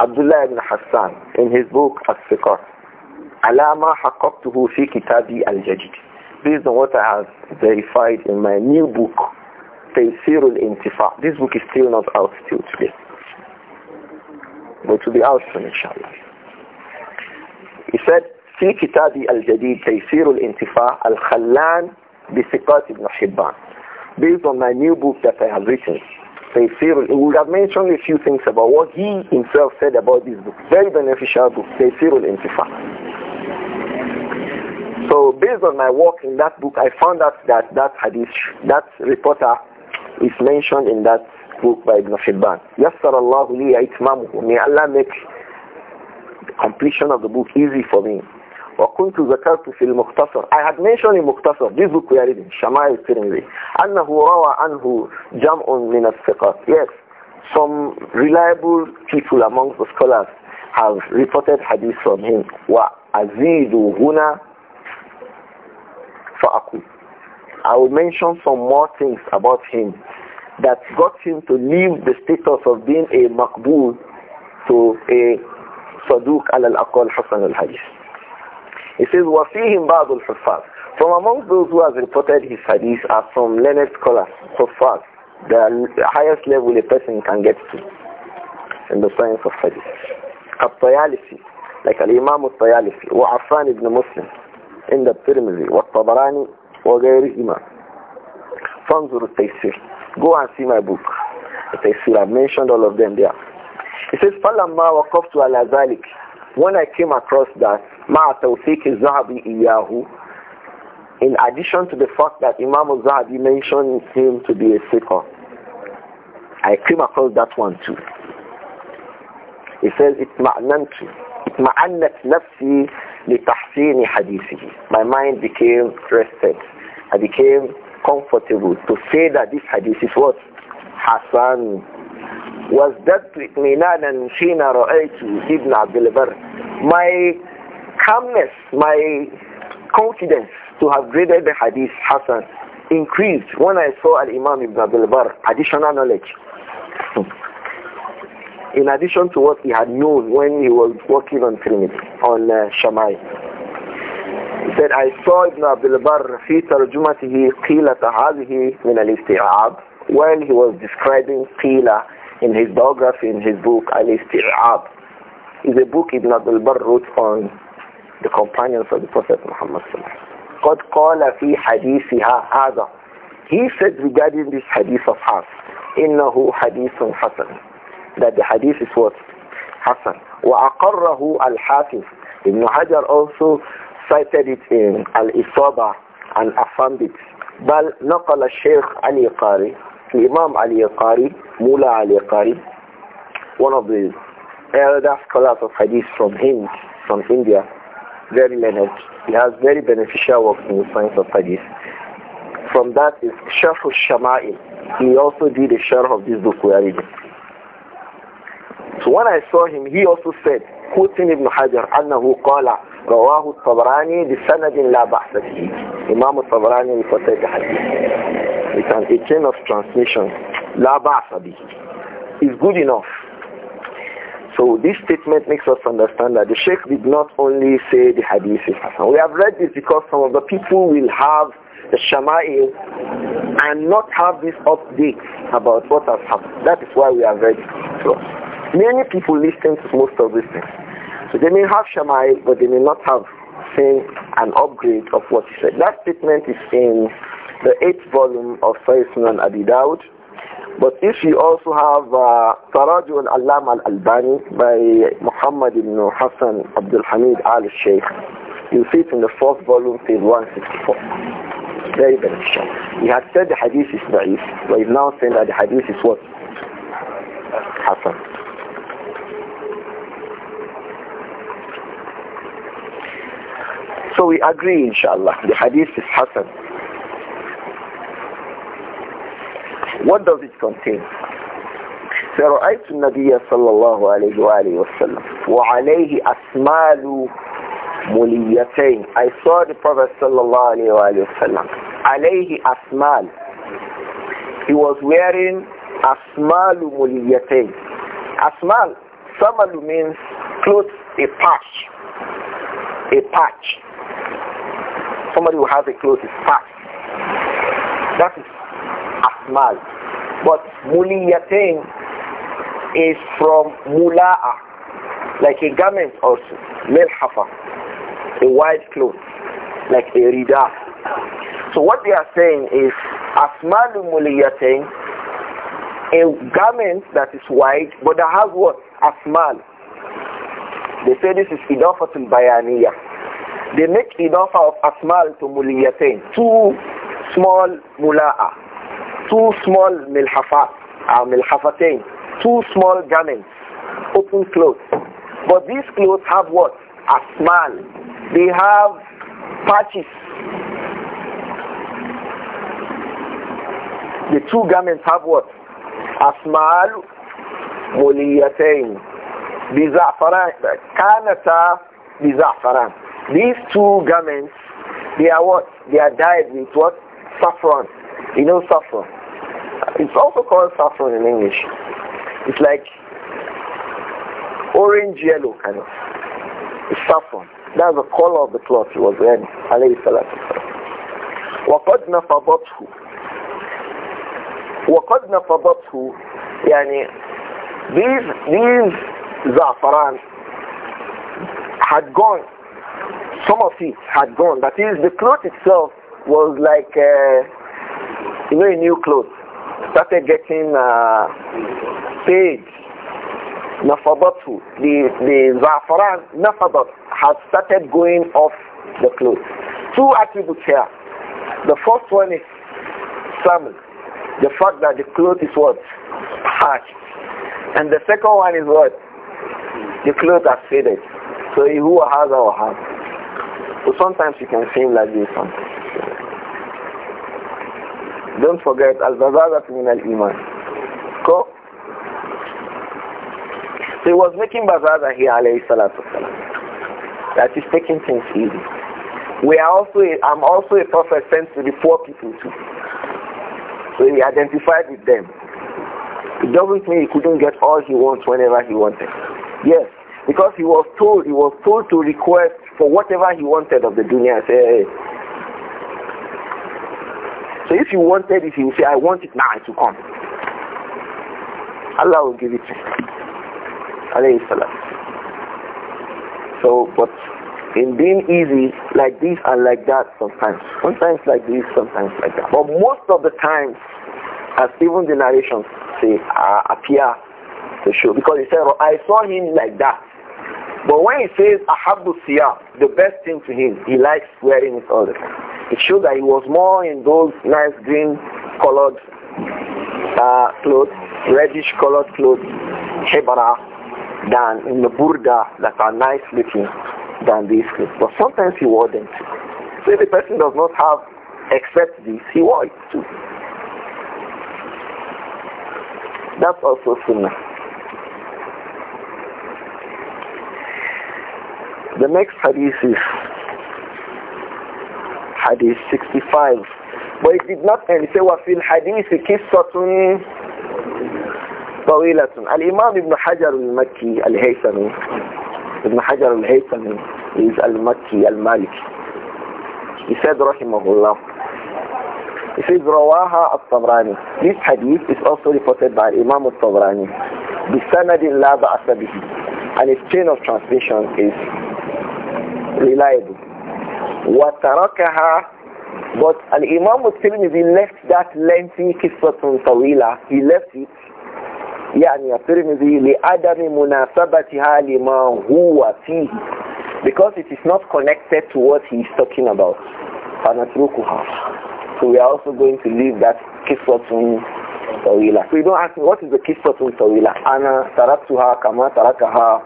Abdullah ibn Hassan in his book الثقات على ما حققته في كتابي الجديد based on what I have verified in my new book تيسير الانتفاع this book is still not out still today Go to the outcome, inshallah. He said, في كتابي الجديد تيسير الانتفاع الخلان بثقات ابن حبان. Based on my new book that I have written, Tafsir, we have mentioned a few things about what he himself said about this book. Very beneficial book, Tafsir al-Intifa. So based on my work in that book, I found out that that hadith, that reporter is mentioned in that book by Ibn Shibban. يَسَّرَ اللَّهُ لِي إِتْمَامُهُ May Allah make the completion of the book easy for me. وكنت ذكرت في المختصر I had mentioned in مختصر this book we are reading شمائل الترمذي أنه روى عنه جمع من الثقات yes some reliable people amongst the scholars have reported hadith from him وأزيد هنا فأقول I will mention some more things about him that got him to leave the status of being a makbul to a صدوق على الأقل حسن الحديث. He says, وفيهم بعض الحفاظ. From among those who have reported his hadith are some learned scholars, حفاظ, the highest level a person can get to in the science of hadith. الطيالسي, like الإمام الطيالسي, وعفان in the عند الترمذي, والطبراني, وغيرهما. فانظروا التيسير. Go and see my book. I see, I've mentioned all of them there. It says, فَلَمَّا to Al ذَلِكَ When I came across that, مَعَ تَوْثِيكِ الزَّهَبِ إِيَّاهُ In addition to the fact that Imam al-Zahabi mentioned him to be a seeker, I came across that one too. He says, اطمأننت اطمأنت نفسي ta'hsini حديثه. My mind became rested. I became comfortable to say that this hadith is what? Hassan. was وازددت and Shina رأيت Ibn عبد البر my calmness my confidence to have graded the hadith Hassan increased when I saw Al-Imam Ibn Abdul Bar additional knowledge in addition to what he had known when he was working on Trinity on uh, said, I saw Ibn Abdul Barr في ترجمته قيلة min Al الاستيعاب while he was describing Qila in his biography in his book Al-Isti'ab is a book Ibn Abdul Barr wrote on the companions of the Prophet Muhammad قد قال في حديثها هذا He said regarding this hadith of us إنه حديث حسن that the hadith is what? حسن وأقره الحافظ Ibn Hajar also cited it in Al-Isaba and affirmed it. بل نقل الشيخ علي قاري الإمام علي قاري مولى علي قاري one of the elder scholars of hadith from him from India very learned he has very beneficial work in the science of hadith from that is Sharh al-Shama'il he also did a share of this book we are reading so when I saw him he also said quoting Ibn Hajar أنه قال رواه الطبراني بسند لا بحث فيه الطبراني it's an, a chain of transmission لا بحث به is good enough so this statement makes us understand that the Sheikh did not only say the hadith is Hassan. We have read this because some of the people will have the Shama'il and not have this update about what has happened. That is why we have read it. So, Many people listen to most of these things. So they may have Shamai, but they may not have seen an upgrade of what he said. That statement is in the eighth volume of Sahih Sunan Abi Dawud. But if you also have uh, al-Allam al-Albani by Muhammad ibn Hassan Abdul Hamid al-Sheikh, you see it in the fourth volume, page 164. Very beneficial. He had said the hadith is da'if, but he's now saying that the hadith is what? Hassan. So we agree, inshallah. The hadith is Hassan. What does it contain? فرأيت النبي صلى الله عليه وآله وسلم وعليه أسمال مليتين I saw the Prophet صلى الله عليه وآله وسلم عليه أسمال He was wearing أسمال مليتين أسمال Samalu means clothes, a patch. A patch somebody who has a clothes is fat. That is asmal. But muliyatain is from mula'a, like a garment also, melhafa, a white cloth, like a rida. So what they are saying is asmal muliyatain, a garment that is white, but that has what? Asmal. They say this is idafatul bayaniyah. They make idafa of asmal to muliyatain, two small mula'a, two small milhafat, or uh, milhafatain, two small garments, open clothes. But these clothes have what? Asmal. They have patches. The two garments have what? Asmal muliyatain. بزعفران كانتا بزعفران these two garments, they are what? They are dyed with what? Saffron. You know saffron. It's also called saffron in English. It's like orange yellow kind of. It's saffron. That's the color of the cloth he was wearing. Alayhi salatu وقد نفضته وقد يعني these these زعفران had gone some of it had gone. That is, the cloth itself was like, uh, you know, a new cloth. Started getting uh, paid. Nafabatu, the, the Zafaran Nafabat has started going off the cloth. Two attributes here. The first one is Samun, the fact that the cloth is what? Parched. And the second one is what? The cloth has faded. So who has our hand. So sometimes you can feel like this. Don't forget Al-Bazazat min al-Iman. Go. So he was making bazaza here, alayhi salatu That is taking things easy. We are also, i I'm also a prophet sent to the poor people too. So he identified with them. It doesn't mean he couldn't get all he wants whenever he wanted. Yes, because he was told, he was told to request for whatever he wanted of the dunya. Say, hey. So if you wanted it, he would say, I want it now, it will come. Allah will give it to you. So, but in being easy, like this and like that sometimes. Sometimes like this, sometimes like that. But most of the times, as even the narrations say, uh, appear to show. Because he said, I saw him like that. But when he says Ahabu Siyam, the best thing to him, he likes wearing it all the time. It shows that he was more in those nice green colored uh, clothes, reddish colored clothes, Hebra, than in the Burda that are nice looking than these clothes. But sometimes he wore them too. So if the person does not have except this, he wore it too. That's also similar. The next hadith is hadith 65. But it did not end. It said, what in hadith وَفِي الْحَدِيثِ كِسَّةٌ طَوِيلَةٌ Al-Imam Ibn Hajar al-Makki al-Haythami Ibn Hajar al-Haythami is al-Makki al malik He said, rahimahullah, he says, al الطبراني. This hadith is also reported by Imam al-Tabrani. بِسَنَدٍ لَا بَأْسَ بِهِ And its chain of transmission is reliable. وَتَرَكَهَا But an imam al he left that lengthy قصة طويلة. He left it. يعني الترمذي لعدم مناسبتها لما هو فيه because it is not connected to what he is talking about فنتركها so we are also going to leave that قصة طويلة so you don't ask me what is the قصة طويلة أنا تركتها كما تركها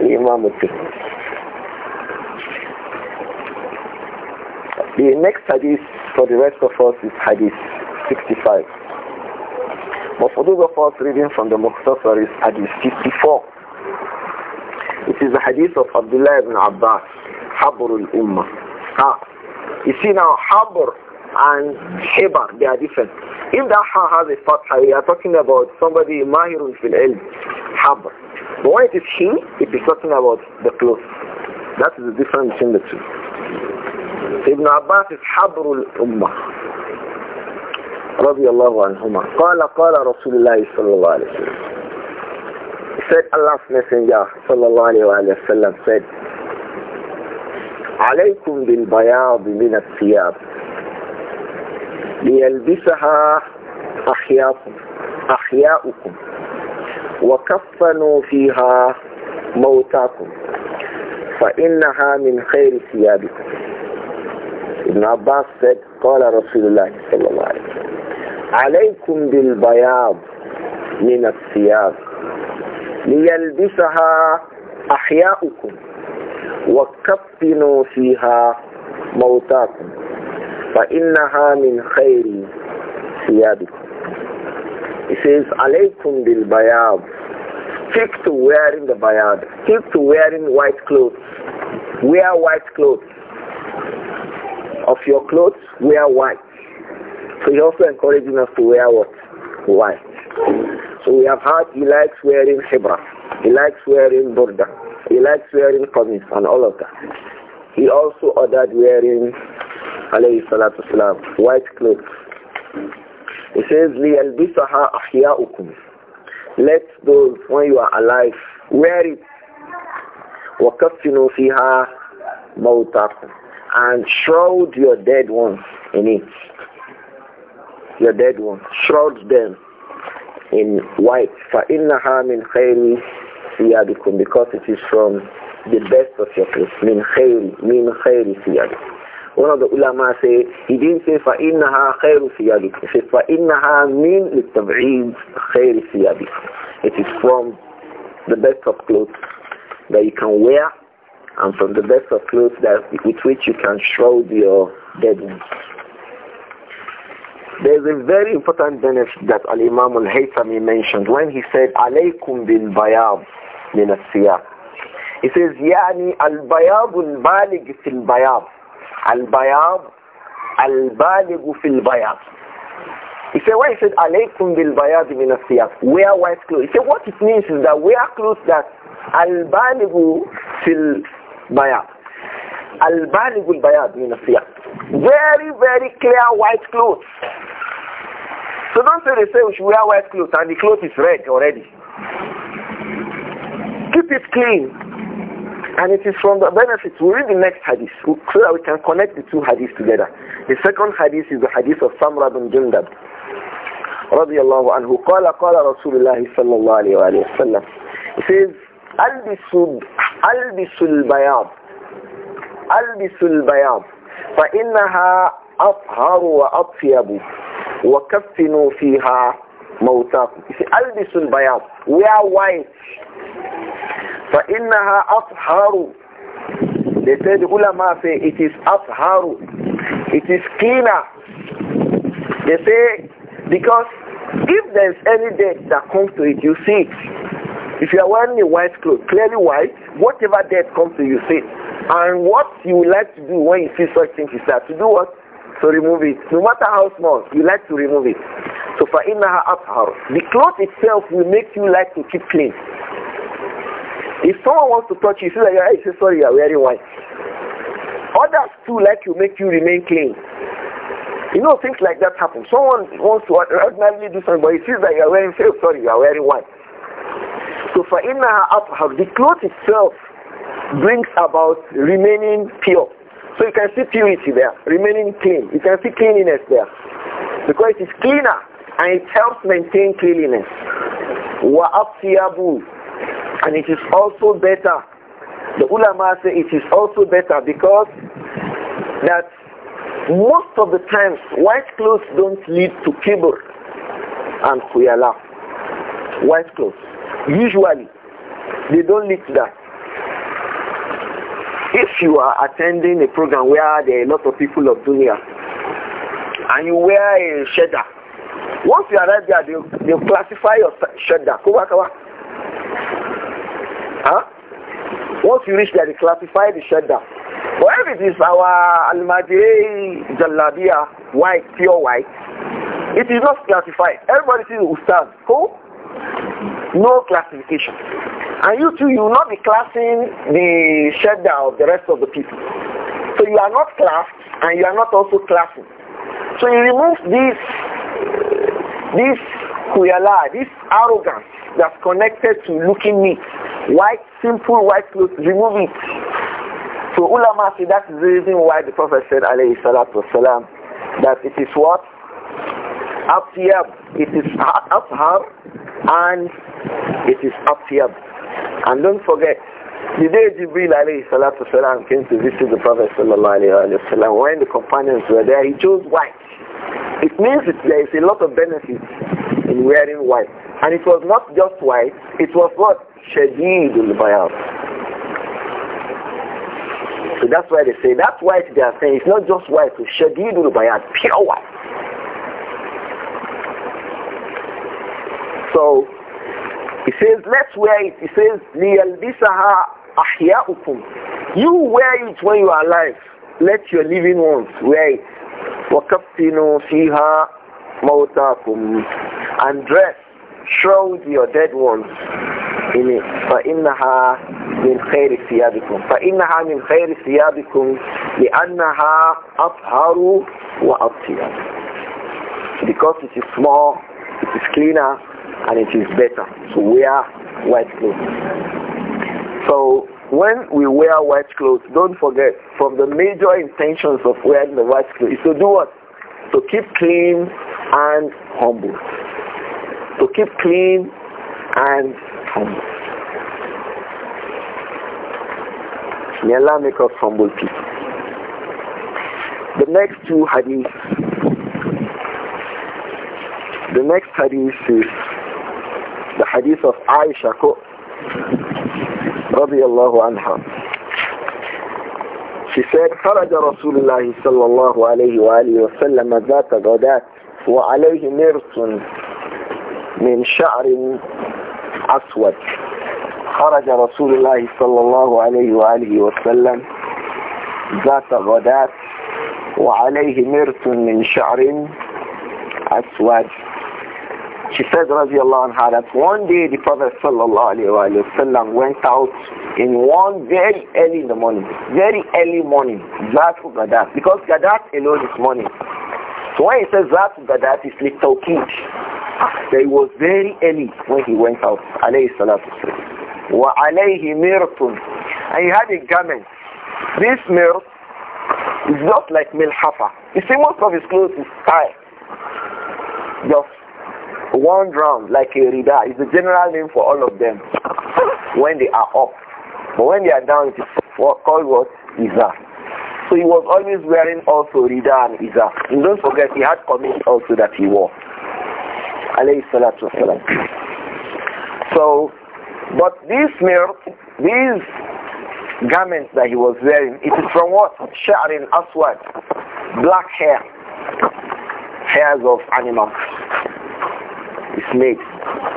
الإمام الترمذي The next hadith for the rest of us is hadith 65. But for those of us reading from the Muqtasar is hadith 54. It is the hadith of Abdullah ibn Abbas, Habr al-Ummah. Ah, you see now, Habr and Hibar, they are different. If that ha has a fatha, we are talking about somebody mahirun fil ilm, Habr. But when it is he, it is talking about the clothes. That is the difference between the two. ابن عباس حبر الأمة رضي الله عنهما قال قال رسول الله صلى الله عليه وسلم said Allah's messenger صلى الله عليه وسلم said عليكم بالبياض من الثياب ليلبسها أحياءكم أحياؤكم وكفنوا فيها موتاكم فإنها من خير ثيابكم Ibn Abbas said, قال رسول الله صلى الله عليه وسلم عليكم بالبياض من الثياب ليلبسها أحياؤكم وكفنوا فيها موتاكم فإنها من خير ثيابكم He says, عليكم بالبياض Stick to wearing the bayad. Stick to wearing white clothes. Wear white clothes. of your clothes, wear white. So he's also encouraging us to wear what? White. So we have heard he likes wearing hebra. He likes wearing burda. He likes wearing kamis and all of that. He also ordered wearing alayhi salatu salam, white clothes. He says, لِيَلْبِسَهَا أَحْيَاؤُكُمْ Let those, when you are alive, wear it. وَكَفِّنُوا فِيهَا مَوْتَاكُمْ and shroud your dead ones in it. Your dead ones. Shroud them in white. فَإِنَّهَا مِنْ خَيْرِ سِيَادِكُمْ Because it is from the best of your clothes. مِنْ خَيْرِ مِنْ خَيْرِ سِيَادِكُمْ One of the ulama say, he didn't say فَإِنَّهَا خَيْرُ سِيَادِكُمْ He said فَإِنَّهَا مِنْ لِلتَّبْعِيدِ خَيْرِ سِيَادِكُمْ It is from the best of clothes that you can wear and from the best of clothes that with which you can shroud your dead. There is a very important benefit that Al-Imam Al-Haythami mentioned when he said, "Alaykum bin bayab min al He says, "Yani al-bayab al-balig fil bayab, al-bayab fil bayab." He said, why he said, alaykum bin bayab min asiyaf, wear white clothes. He said, what it means is that wear clothes that al-baligu fil bayad. Al-baligul bayad in Very, very clear white clothes. So don't say they say we should wear white clothes and the clothes is red already. Keep it clean. And it is from the benefits. we read the next hadith so that we can connect the two hadiths together. The second hadith is the hadith of Samra bin Jundab. رضي الله عنه قال قال رسول الله صلى الله عليه وآله وسلم He says ألبسوا البس البياض البس البياض فانها اطهر واطيب وكفنوا فيها موتاكم البس البياض we are white فانها اطهر لتد علماء في it is اطهر it is cleaner they say because if there is any death that comes to it you see it If you are wearing a white cloth, clearly white, whatever death comes to you, say. And what you would like to do when you see such things is that to do what? To remove it. No matter how small, you like to remove it. So for فَإِنَّهَا أَطْهَرُ The cloth itself will make you like to keep clean. If someone wants to touch you, you like, hey, say, sorry, you are wearing white. Others too like to make you remain clean. You know, things like that happen. Someone wants to ordinarily do something, but he sees that you are wearing, say, sorry, you are wearing white. So فَإِنَّهَا أَطْهَرُ The cloth itself brings about remaining pure. So you can see purity there, remaining clean. You can see cleanliness there. Because it is cleaner and it helps maintain cleanliness. وَأَطْيَبُ And it is also better. The ulama say it is also better because that most of the times white clothes don't lead to kibur and khuyala. White clothes. Usually, they don't need to that. If you are attending a program where there are a lot of people of dunya and you wear a shedda, once you arrive there, they'll, they'll classify your shedda. Huh? Once you reach there, they classify the shedda. But if it is our Almadi Jalabiya, white, pure white, it is not classified. Everybody sees Ustaz. Cool? No classification. And you too, you will not be classing the shadow of the rest of the people. So you are not classed and you are not also classing. So you remove this, this kuyala, this arrogance that's connected to looking neat. White, simple white clothes, remove it. So ulama say that's the reason why the Prophet said alayhi salatu wasalam that it is what? here, It is afhar and it is here. And don't forget, the day Jibril alayhi salatu salam came to visit the Prophet sallallahu alayhi wa sallam, when the companions were there, he chose white. It means that there is a lot of benefits in wearing white. And it was not just white, it was what? Shadidul Bayan. So that's why they say that white they are saying it's not just white, it's Shadidul Bayan, pure white. So he says, let's wear it. He says, لِيَلْبِسَهَا أَحْيَاؤُكُمْ You wear it when you are alive. Let your living ones wear it. وَكَفِّنُوا فِيهَا مَوْتَاكُمْ And dress, shroud your dead ones in it. فَإِنَّهَا مِنْ خَيْرِ ثِيَابِكُمْ فَإِنَّهَا مِنْ خَيْرِ ثِيَابِكُمْ لِأَنَّهَا أَطْهَرُ وَأَطْيَبُ Because it is small, it is cleaner, and it is better to wear white clothes. So when we wear white clothes, don't forget, from the major intentions of wearing the white clothes is to do what? To keep clean and humble. To keep clean and humble. May Allah make us humble people. The next two hadiths. The next hadith is بحديث عائشة رضي الله عنها في سيد خرج رسول الله صلى الله عليه وآله وسلم ذات غدات وعليه مرس من شعر أسود خرج رسول الله صلى الله عليه وآله وسلم ذات غدات وعليه مرس من شعر أسود She said, radiallahu anha, that one day the Prophet sallallahu went out in one very early in the morning, very early morning, Zatu Gadat, because Gadat alone is morning. So when he says Zatu Gadat, it's little kid. So it was very early when he went out, alayhi salatu Wa alayhi mirtun. And he had a garment. This mirt is not like milhafa. You see, most of his clothes is tie. Just one round, like a rida, is the general name for all of them when they are up. But when they are down, it is what, called what? Iza. So he was always wearing also rida and Iza. And don't forget, he had commit also that he wore. Alayhi salatu wasalam. So, but this mirror, these garments that he was wearing, it is from what? Sha'rin aswad, black hair, hairs of animals snakes made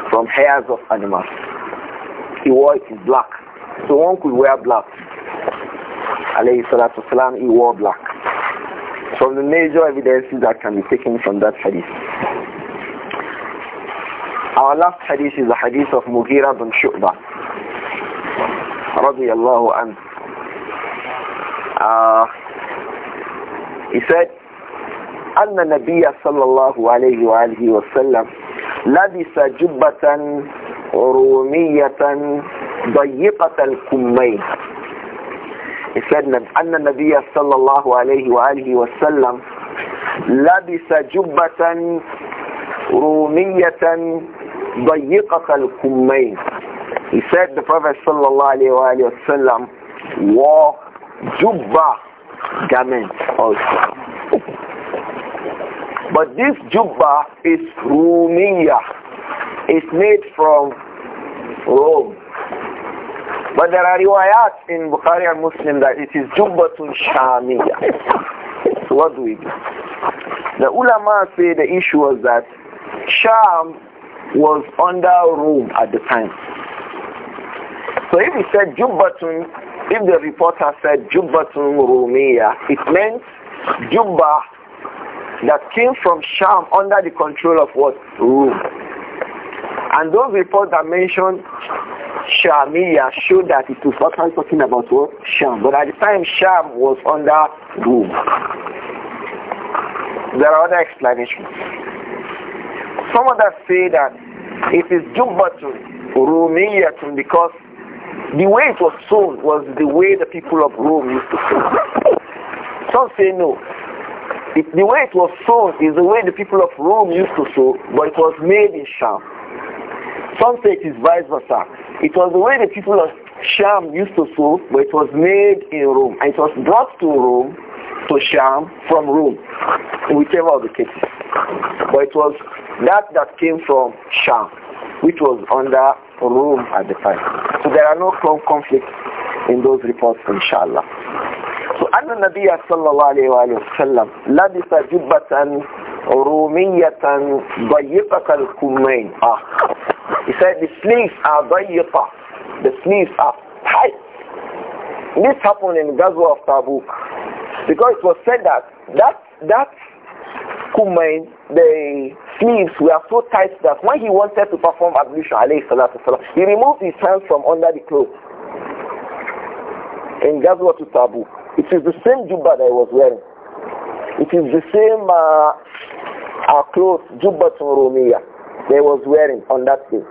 from hairs of animals. He wore it in black. So one could wear black. Alayhi salatu salam, he wore black. From the major evidences that can be taken from that hadith. Our last hadith is the hadith of Mughira bin Shu'ba, رضي الله عنه he said أن النبي صلى الله عليه وآله وسلم لبس جبة رومية ضيقة الكمين It said أن النبي صلى الله عليه وآله وسلم لبس جبة رومية ضيقة الكمين He said the Prophet صلى الله عليه وآله وسلم wore jubba garment also But this jubba is Rumiya. It's made from Rome. But there are riwayat in Bukhari and Muslim that it is jubbatun shamiya. So what do we do? The ulama say the issue was that Sham was under Rome at the time. So if he said jubbatun, if the reporter said jubbatun rumiya, it meant jubba that came from Sham under the control of what? Rome. And those reports that mentioned Shamia showed that it was actually talking about what? Sham. But at the time, Sham was under Rome. There are other explanations. Some others say that it is Jubbatun, Rumiyatun, because the way it was sown was the way the people of Rome used to sow. Some say no, it, the way it was sown is the way the people of Rome used to sow, but it was made in Sham. Some say it is vice versa. It was the way the people of Sham used to sow, but it was made in Rome. And it was brought to Rome, to Sham, from Rome, whichever of the cases. But it was that that came from Sham, which was under Rome at the time. So there are no conflicts in those reports, inshallah. So, فأن النبي صلى الله عليه وآله وسلم لبس جبة رومية ضيقة الكمين آه. He said the sleeves are ضيقة The sleeves are tight This happened in Ghazwa of Tabuk because it was said that that that kumain, the sleeves were so tight that when he wanted to perform ablution, alayhi salatu salam, he removed his hands from under the clothes and in Ghazwat Tabu. It is the same jubba that I was wearing. It is the same uh, uh, clothes, jubba Rumiya, that I was wearing on that day.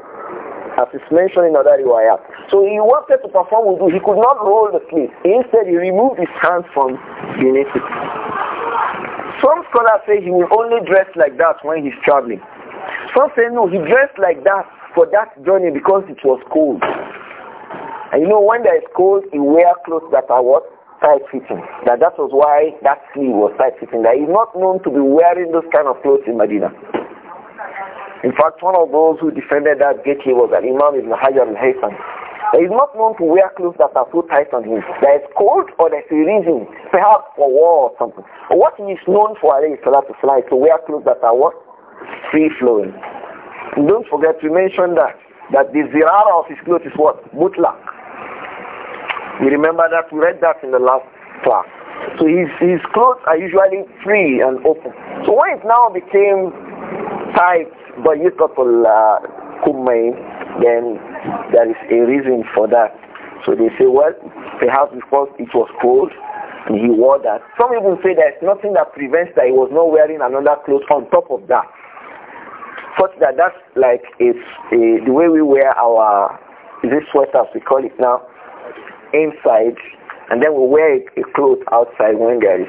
As is mentioned in other riwayat. So he wanted to perform wudu. He could not roll the sleeve. Instead, he removed his hands from beneath it. Some scholars say he will only dress like that when he's traveling. Some say no, he dressed like that for that journey because it was cold. And you know, when there is cold, you wear clothes that are what? Tight-fitting. That that was why that sleeve was tight-fitting. That is not known to be wearing those kind of clothes in Medina. In fact, one of those who defended that gateway was an Imam Ibn Hajar al-Haytham. He is not known to wear clothes that are so tight on him. There is cold or there's a reason, perhaps for war or something. What he is known for, alayhi salatu salam, is to wear clothes that are what? Free-flowing. don't forget to mention that, that the zirara of his clothes is what? Mutlaq. We remember that? We read that in the last class. So his, his clothes are usually free and open. So when it now became tight, but you kumai, uh, then there is a reason for that. So they say, well, perhaps because it was cold and he wore that. Some even say there's nothing that prevents that he was not wearing another clothes on top of that. Such that that's like it's a, eh, the way we wear our, this sweaters we call it now, inside and then we wear a cloth outside when there is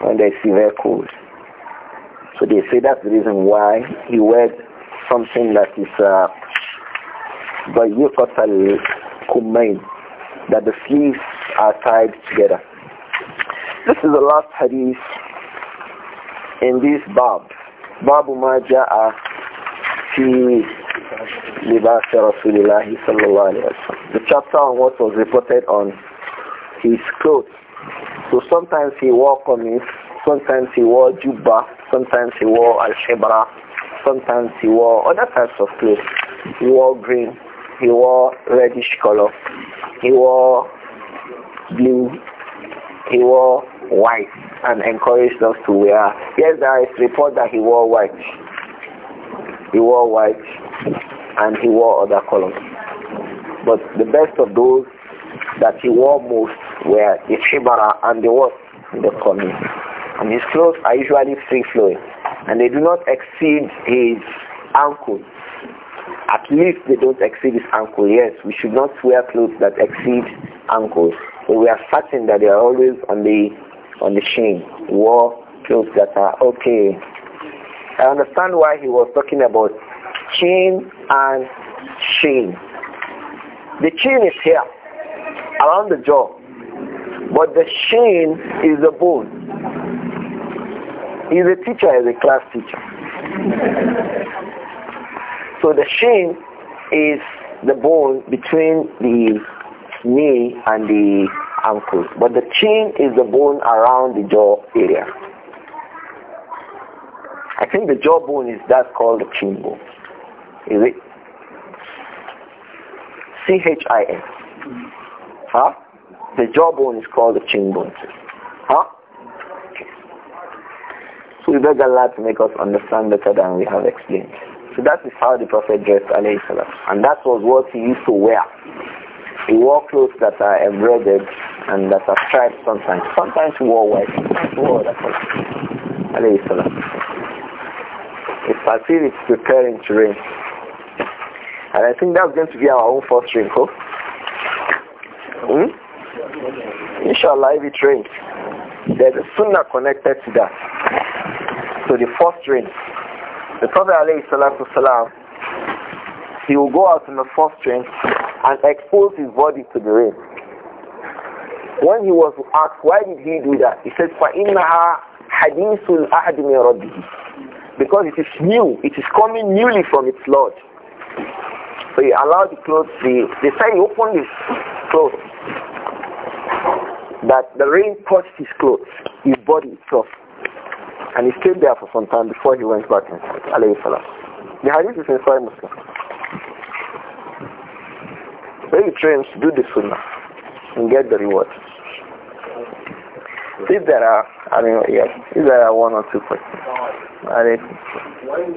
when there is severe cold. So they say that's the reason why he wears something that is uh by yuqatal that the sleeves are tied together. This is the last hadith in this bab. Babu Majah uh, Rasulullah sallallahu alayhi wa The chapter on what was reported on his clothes. So sometimes he wore kameez, sometimes he wore jubba, sometimes he wore al-shibra, sometimes he wore other types of clothes. He wore green, he wore reddish color, he wore blue, he wore white and encouraged us to wear. Yes, there is report that he wore white. He wore white and he wore other colors. But the best of those that he wore most were the shibara and the what? The kameez. And his clothes are usually free-flowing. And they do not exceed his ankle. At least they don't exceed his ankle. Yes, we should not wear clothes that exceed ankles. But we are certain that they are always on the on the shin. Wore clothes that are okay. I understand why he was talking about Chin and shin. The chin is here, around the jaw. But the shin is the bone. He's a teacher, he's a class teacher. so the shin is the bone between the knee and the ankle. But the chin is the bone around the jaw area. I think the jaw bone is that called the chin bone. Is it? C-H-I-N. Huh? The jawbone is called the chin bone. Huh? So we beg Allah to make us understand better than we have explained. So that is how the Prophet dressed, alayhi salam. And that was what he used to wear. He wore clothes that are embroidered and that are striped sometimes. Sometimes he wore white, sometimes he wore that color. Alayhi salam. It's as if it's preparing to rain. And I think that's going to be our own first wrinkle. Hmm? Inshallah, if it rains, there's a sunnah connected to that. So the first rain. The Prophet salam, he will go out in the first rain and expose his body to the rain. When he was asked, why did he do that? He said, فَإِنَّهَا حَدِيثُ الْأَحْدِ مِنْ رَبِّهِ Because it is new, it is coming newly from its Lord. So he allowed the clothes, the, the time he opened his clothes, that the rain touched his clothes, his body itself. And he stayed there for some time before he went back inside. Alayhi salam. The hadith is in Sahih Muslim. When you train, do the sunnah and get the reward. If there are, I mean, yes, if there are one or two questions. Alayhi. When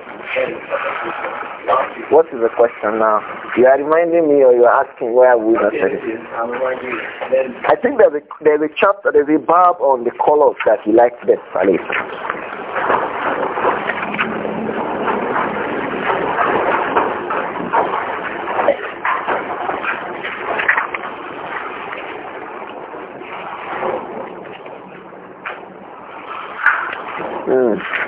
What is the question now? You are reminding me or you are asking where we are studying? I think there's a, there's a chapter, there's a bab on the colors that he liked best, Ali. Mm.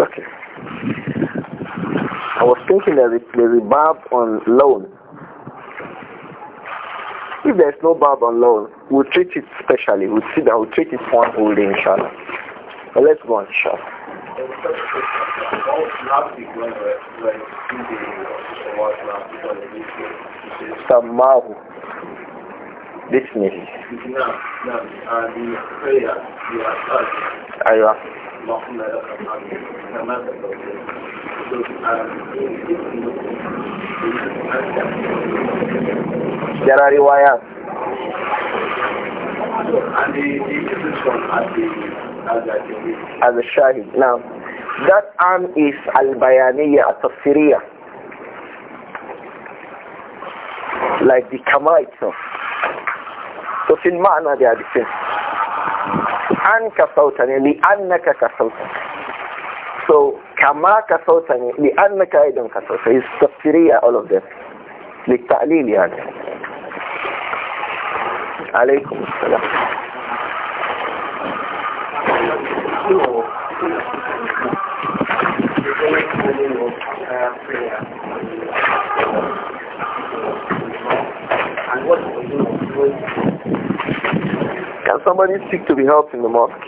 Okay. I was thinking that the, a rebab on loan. If there's no barb on loan, we'll treat it specially. We'll see that we'll treat it one whole inshallah. But let's go on, inshallah. Samahu. This means. Now, now, uh, the prayer, the اللهم لا تفعل كما There are riwayats. As a shahid. Now, that arm is al-bayaniyya, al-tafsiriyya. Like the kama itself. So, in ma'na, they are the same. عنك صوتني لأنك كصوتني so كما كصوتني لأنك أيضا كصوتني it's تفسيرية all of this للتعليل يعني عليكم السلام Thank you. Can somebody seek to be helped in the mosque?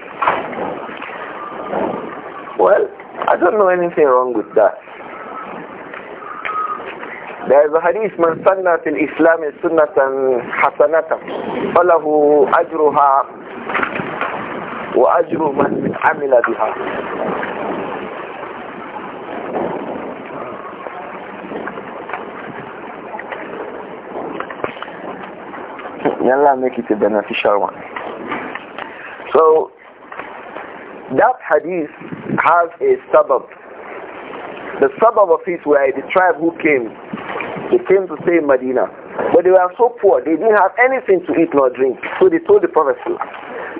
Well, I don't know anything wrong with that. There is a hadith, من سنة في الإسلام سنة حسنة فله أجرها وأجر من عمل بها. May Allah make it a beneficial one. So that hadith has a suburb. The suburb of it were the tribe who came. They came to stay in Medina. But they were so poor, they didn't have anything to eat nor drink. So they told the Prophet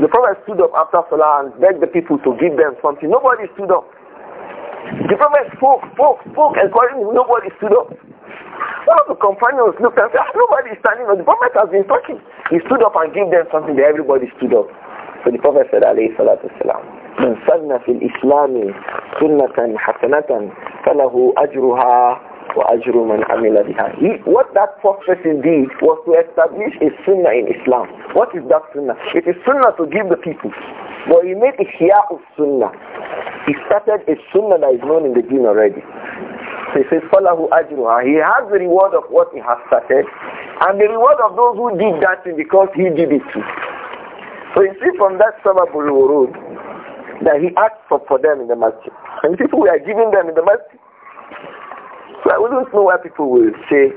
The Prophet stood up after Salah and begged the people to give them something. Nobody stood up. The Prophet spoke, spoke, spoke, encouraging nobody stood up. One of the companions looked and said, ah, nobody is standing up. The Prophet has been talking. He stood up and gave them something everybody stood up. So the Prophet said, alayhi salatu wasalam, من سن في الإسلام سنة حسنة فله أجرها وأجر من عمل بها. He, what that first person did was to establish a sunnah in Islam. What is that sunnah? It is sunnah to give the people. But he made a ihya of sunnah. He started a sunnah that is known in the deen already. So he says, فَلَهُ أَجْرُهَا He has the reward of what he has started and the reward of those who did that thing because he did it too. So you see from that Sababul Wurud that he asked for, for them in the masjid. And people are giving them in the masjid. So I wouldn't know why people will say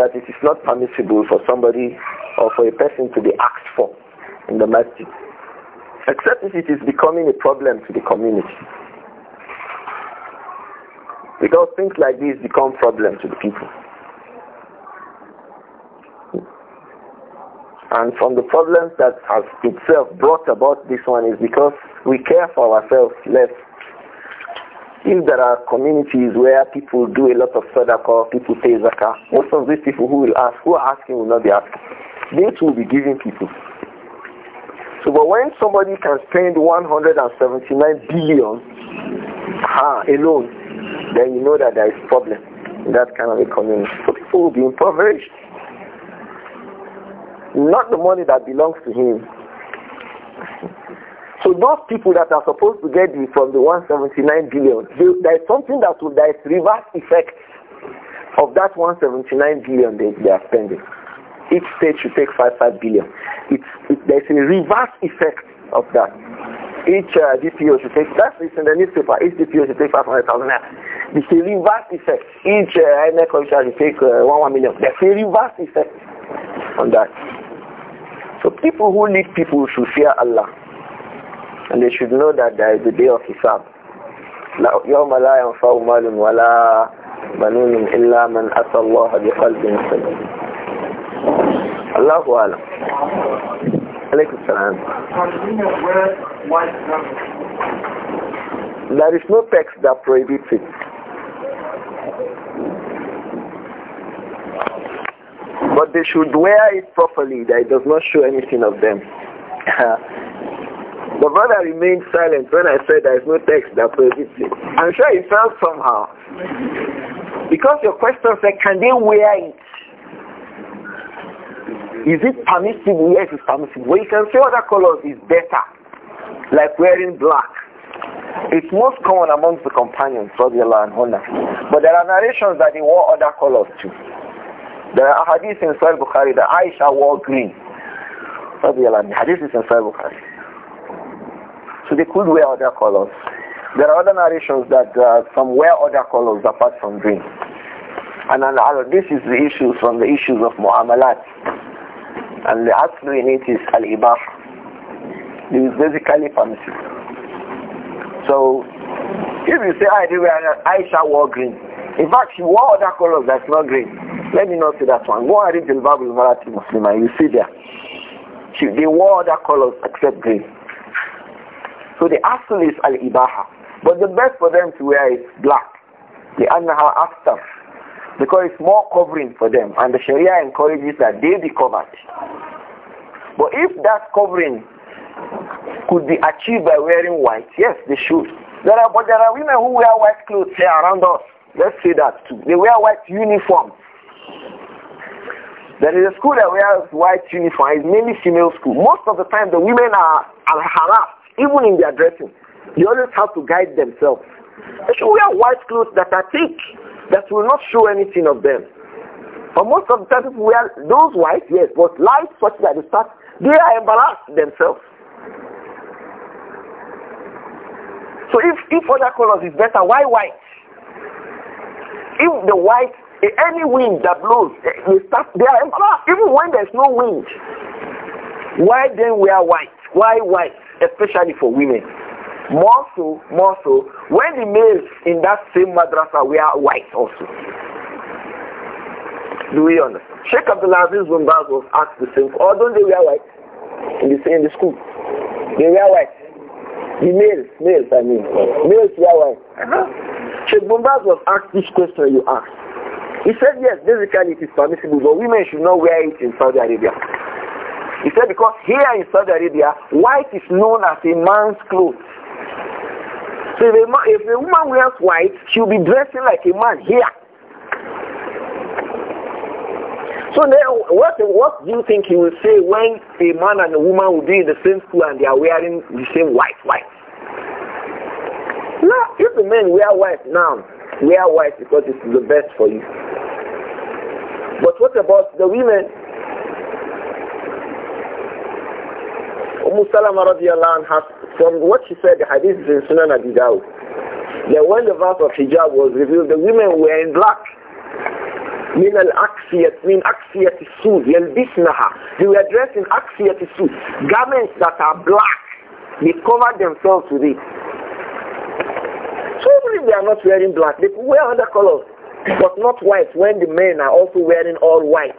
that it is not permissible for somebody or for a person to be asked for in the masjid. Except if it is becoming a problem to the community. Because things like this become problem to the people. And from the problems that has itself brought about this one is because we care for ourselves less. If there are communities where people do a lot of sadaqah, people pay zakah, most of these people who will ask, who are asking will not be asking. They will be giving people. So, but when somebody can spend 179 billion alone, then you know that there is problem in that kind of a community. So people will be impoverished not the money that belongs to him. So those people that are supposed to get it from the 179 billion, there is something that will, there is reverse effect of that 179 billion they, they are spending. Each state should take 55 billion. It's, it, there's a reverse effect of that. Each uh, DPO should take, that's it's in the newspaper, each DPO should take 500,000 There's a reverse effect. Each uh, should take uh, 1 million. There's a reverse effect on that. So people who lead people should fear Allah. And they should know that there is the day of Hisab. يوم لا ينفع مال ولا بنون إلا من أتى الله بقلب سليم الله أعلم عليكم السلام There is no text that prohibits it. But they should wear it properly that it does not show anything of them. the brother remained silent when I said there is no text that prohibits it. I'm sure he felt somehow. Because your question said, can they wear it? Is it permissible? Yes, it's permissible. Well, you can say other colors is better, like wearing black. It's most common amongst the companions, But there are narrations that they wore other colors too. There are hadith in Sahih Bukhari that Aisha wore green. Hadith in Sahih Bukhari. So they could wear other colors. There are other narrations that uh, some wear other colors apart from green. And, uh, this is the issues from the issues of mu'amalat. And the answer in it is al-ibah. It is basically permissible. So, if you say, I did wear, Aisha wore green. In fact, she wore other colors that's not green. Let me not say that one. Go and read the Bible Marati Muslima. You see there. they wear other colors except green. So the asl is al-ibaha. But the best for them to wear is black. The annaha astar. Because it's more covering for them. And the Sharia encourages that they be covered. But if that covering could be achieved by wearing white, yes, they should. There are, but there are women who wear white clothes here around us. Let's say that too. They wear white uniforms. There is a school that wears white uniform. It's mainly female school. Most of the time, the women are, are harassed, even in their dressing. They always have to guide themselves. They should wear white clothes that are thick, that will not show anything of them. But most of the time, people wear those white, yes, but light such that they start, they are embarrassed themselves. So if, if other colors is better, why white? If the white Eh, any wind that blows, eh, they start, are Even when there's no wind, why then we are white? Why white? Especially for women. More so, more so, when the males in that same madrasa we are white also. Do we understand? Sheikh Abdulaziz bin Baz was asked the same, or oh, don't they wear white? In the, in the school. They wear white. The males, males I mean. Males wear white. Uh-huh. Sheikh Bumbaz was asked this question you asked. He said, yes, basically it is permissible, but women should not wear it in Saudi Arabia. He said, because here in Saudi Arabia, white is known as a man's clothes. So if a, man, if a woman wears white, she'll be dressing like a man here. So then, what, what do you think he will say when a man and a woman will be in the same school and they are wearing the same white, white? Now, if the men wear white now, Wear white because it is the best for you. But what about the women? Umm Salama radiallahu anha, from what she said, the hadith is in Sunan Abi Dawud. That when the verse of hijab was revealed, the women were in black. من الأكسية من أكسية السود يلبسنها they were dressed in أكسية السود garments that are black they covered themselves with it Children, they are not wearing black. They wear other colors, but not white when the men are also wearing all white.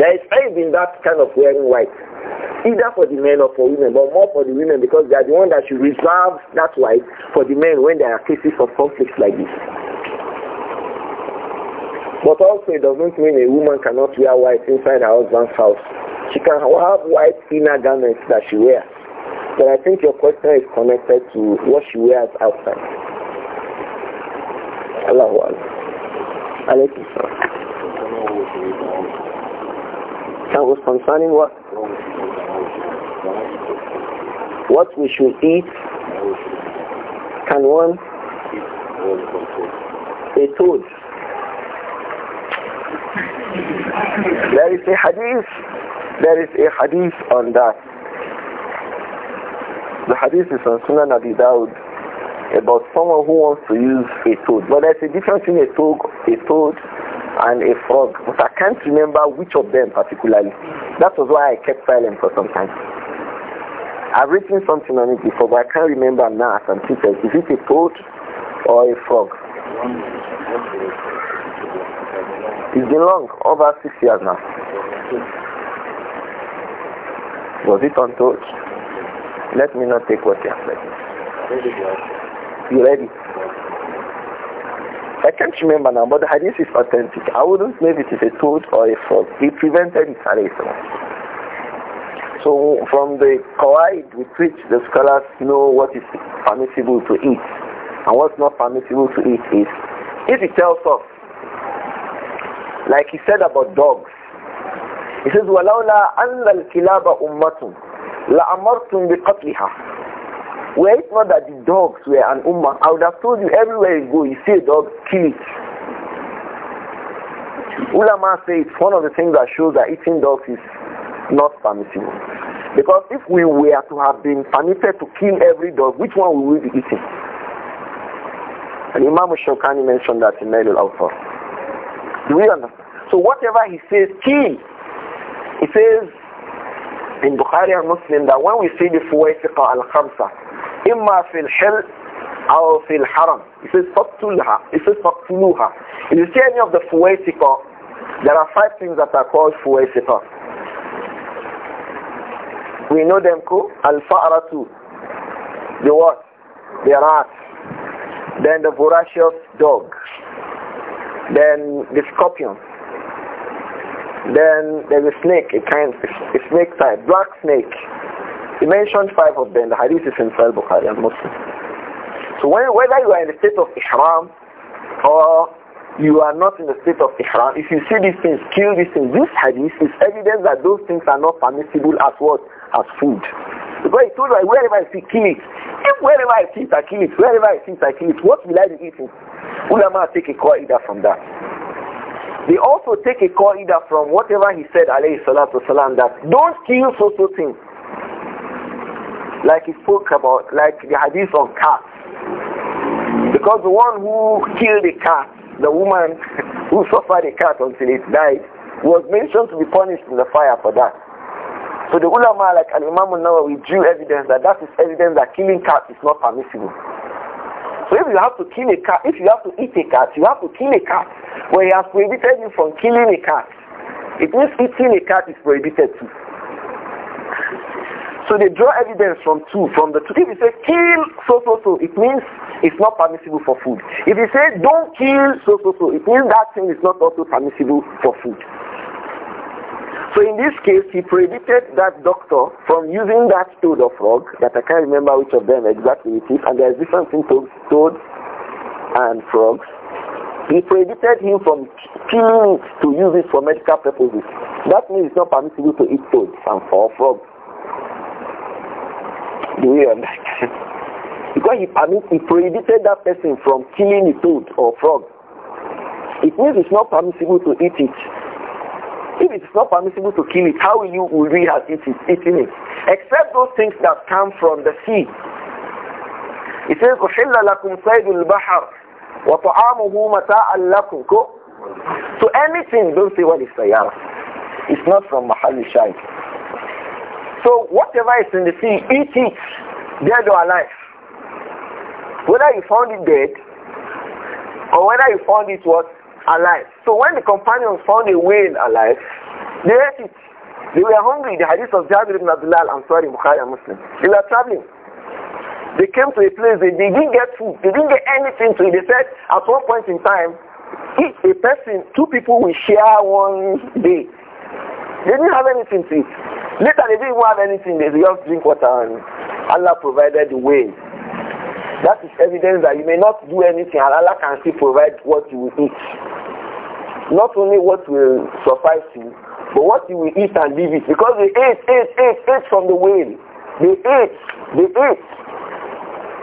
There is even in that kind of wearing white, either for the men or for women, but more for the women because they are the ones that should reserve that white for the men when there are cases of conflicts like this. But also, it doesn't mean a woman cannot wear white inside her husband's house. She can have white inner garments that she wears. But I think your question is connected to what she wears outside. Allahu Alaykum That was concerning what? What we should eat? Can one? A toad. There is a hadith. There is a hadith on that. The hadith is on Sunan Abi Dawud about someone who wants to use a toad. But there's a difference between a toad, a toad and a frog. But I can't remember which of them particularly. That was why I kept silent for some time. I've written something on it before, but I can't remember now as I'm teachers. Is it a toad or a frog? It's been long, over six years now. Was it on toad? Let me not take what you have said be ready. I can't remember now, but the hadith is authentic. I wouldn't know if it is a truth or a fraud. He prevented it, alayhi So from the qawaid with which the scholars know what is permissible to eat and what's not permissible to eat is, if he tells us, like he said about dogs, he says, وَلَوْلَا أَنَّ الْكِلَابَ أُمَّةٌ لَأَمَرْتُمْ بِقَتْلِهَا were it not that the dogs were an ummah, I would have told you everywhere you go, you see a dog, kill it. Ulama say it's one of the things that shows that eating dogs is not permissible. Because if we were to have been permitted to kill every dog, which one would we be eating? And Imam Shokani mentioned that in Nailul Alpha. Do we understand? So whatever he says, kill. He says in Bukhari and Muslim that when we say the four al-Khamsa, إما في الحل أو في الحرم He says فقتلها He says فقتلوها If you see any of the fuwaitika There are five things that are called fuwaitika We know them called Al-Fa'ratu The what? The rat Then the voracious dog Then the scorpion Then there's a snake, a kind, a snake type, black snake he mentioned five of them. The hadith is in Sahih Bukhari and Muslim. So when, whether you are in the state of ihram or you are not in the state of ihram, if you see these things, kill these things. This hadith is evidence that those things are not permissible as what? As food. Because he told me, wherever I see, kill it. If wherever I see I kill it. Wherever I see I kill it. What will I be eating? Ulama take a call either from that. They also take a call either from whatever he said, alayhi salatu salam, that don't kill so-so things like he spoke about, like the hadith on cats. Because the one who killed the cat, the woman who suffered a cat until it died, was mentioned to be punished in the fire for that. So the ulama like Al-Imam al-Nawawi drew evidence that that is evidence that killing cats is not permissible. So if you have to kill a cat, if you have to eat a cat, you have to kill a cat. Where he has prohibited you from killing a cat. It means eating a cat is prohibited too. So they draw evidence from two, from the two. If you say kill so so so, it means it's not permissible for food. If you say don't kill so so so, it means that thing is not also permissible for food. So in this case, he prohibited that doctor from using that toad or frog, that I can't remember which of them exactly it is, and there's different things to toad and frogs. He prohibited him from killing it to use it for medical purposes. That means it's not permissible to eat toads and for frogs. because he, I mean, he prohibited that person from killing a toad or frog. It means it's not permissible to eat it. If it's not permissible to kill it, how will you will we have eaten, it? Except those things that come from the sea. It says, أُحِلَّ لَكُمْ صَيْدُ الْبَحَرِ وَطَعَامُهُ مَتَاعًا لَكُمْ So anything, don't say what is sayyara. It's not from Mahal Shaykh. So whatever is in the sea, eat it, dead or alive. Whether you found it dead or whether you found it was alive. So when the companions found a whale alive, they ate it. They were hungry. The hadith of Jabir ibn Abdullah, I'm sorry, Bukhari a Muslim. They were traveling. They came to a place, they, they didn't get food. They didn't get anything to eat. They said, at one point in time, a person, two people will share one day. They didn't have anything to eat. Later they didn't have anything. They just drink water and Allah provided the way. That is evidence that you may not do anything and Allah can still provide what you will eat. Not only what will suffice you, but what you will eat and leave it. Because they ate, ate, ate, ate from the whale. They ate, they ate.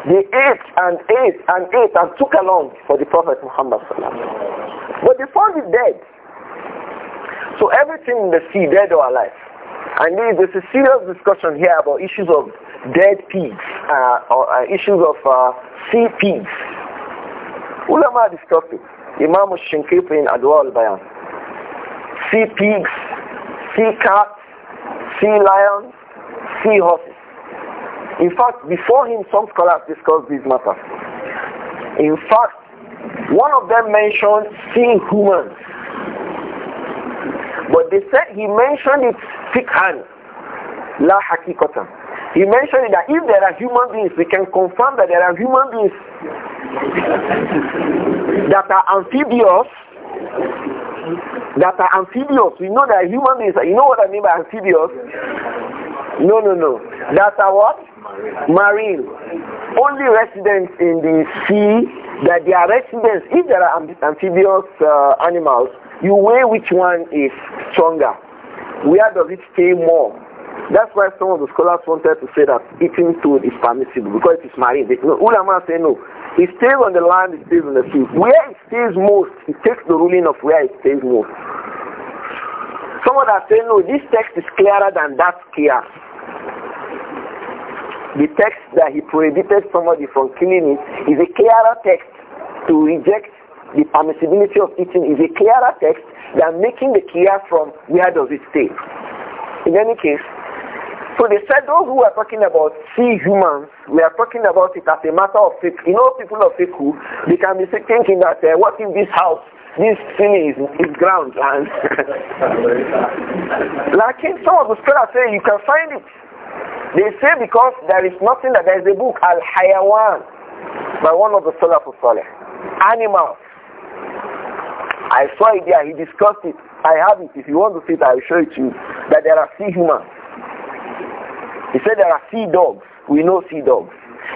They ate and ate and ate and took along for the Prophet Muhammad. But they found it dead. So everything in the sea, dead or alive. And there's a serious discussion here about issues of dead pigs uh, or uh, issues of uh, sea pigs. Ulama discussed it. Imam Shinkipi in Adwa bayan Sea pigs, sea cats, sea lions, sea horses. In fact, before him, some scholars discussed these matters. In fact, one of them mentioned sea humans. But they said he mentioned it hand. la hakikota. He mentioned that if there are human beings, we can confirm that there are human beings that are amphibious, that are amphibious. We know that human beings, you know what I mean by amphibious? No, no, no. That are what? Marine. Only residents in the sea that are residence, if there are amphibious uh, animals, you weigh which one is stronger. Where does it stay more? That's why some of the scholars wanted to say that eating food is permissible because it is marine. They, no, ulama say no. It stays on the land, it stays on the sea. Where it stays most, it takes the ruling of where it stays most. Some of that say no, this text is clearer than that clear. The text that he prohibited somebody from killing it is a clearer text to reject the permissibility of eating is a clearer text than making the clear from where does it stay. In any case, so they said those who are talking about see humans, we are talking about it as a matter of faith. You know, people of faith, they can be thinking that uh, what in this house, this thing is, is ground. And like in some of the scholars say, you can find it. They say because there is nothing that there is a book, Al-Hayawan, by one of the scholars of Saleh animals. I saw it there. He discussed it. I have it. If you want to see it, I will show it to you. That there are sea humans. He said there are sea dogs. We know sea dogs.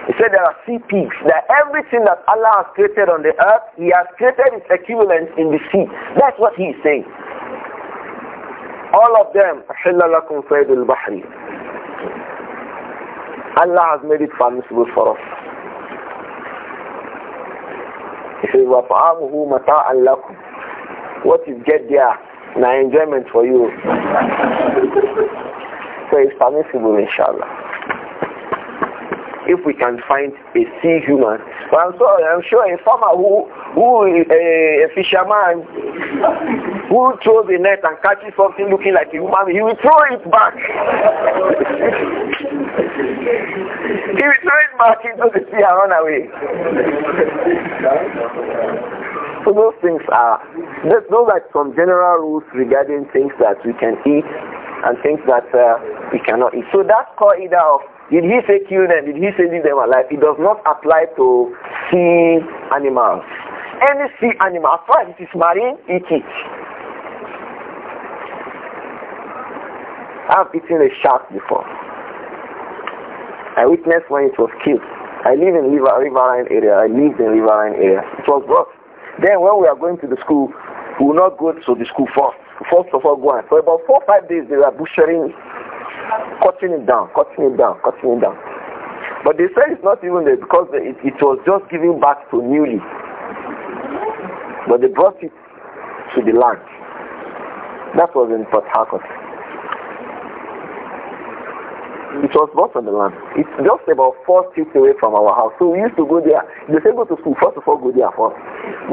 He said there are sea pigs. That everything that Allah has created on the earth, He has created its equivalent in the sea. That's what He is saying. All of them, Allah has made it permissible for us. He says, وَطَعَامُهُ مَتَاعًا What you get there, now enjoyment for you. so it's permissible, inshallah. If we can find a sea human, but I'm, so, I'm sure a farmer who, who a, a fisherman who throws a net and catches something looking like a human, he will throw it back. the sea and run away. so those things are, those are some general rules regarding things that we can eat and things that uh, we cannot eat. So that either of did he say kill them? Did he say leave them alive? It does not apply to sea animals. Any sea animal, as far as it is marine, eat it. I've eaten a shark before. I witnessed when it was killed. I live in River, Riverine area. I lived in Riverine area. It was brought. Then when we are going to the school, we will not go to the school first. First of all, go on. For about four five days, they were butchering, cutting it down, cutting it down, cutting it down. But they said it's not even there because it, it was just giving back to newly. But they brought it to the land. That was in Port Harcourt. It was bought on the land. It's just about four streets away from our house. So we used to go there. They say go to school. First of all, go there first.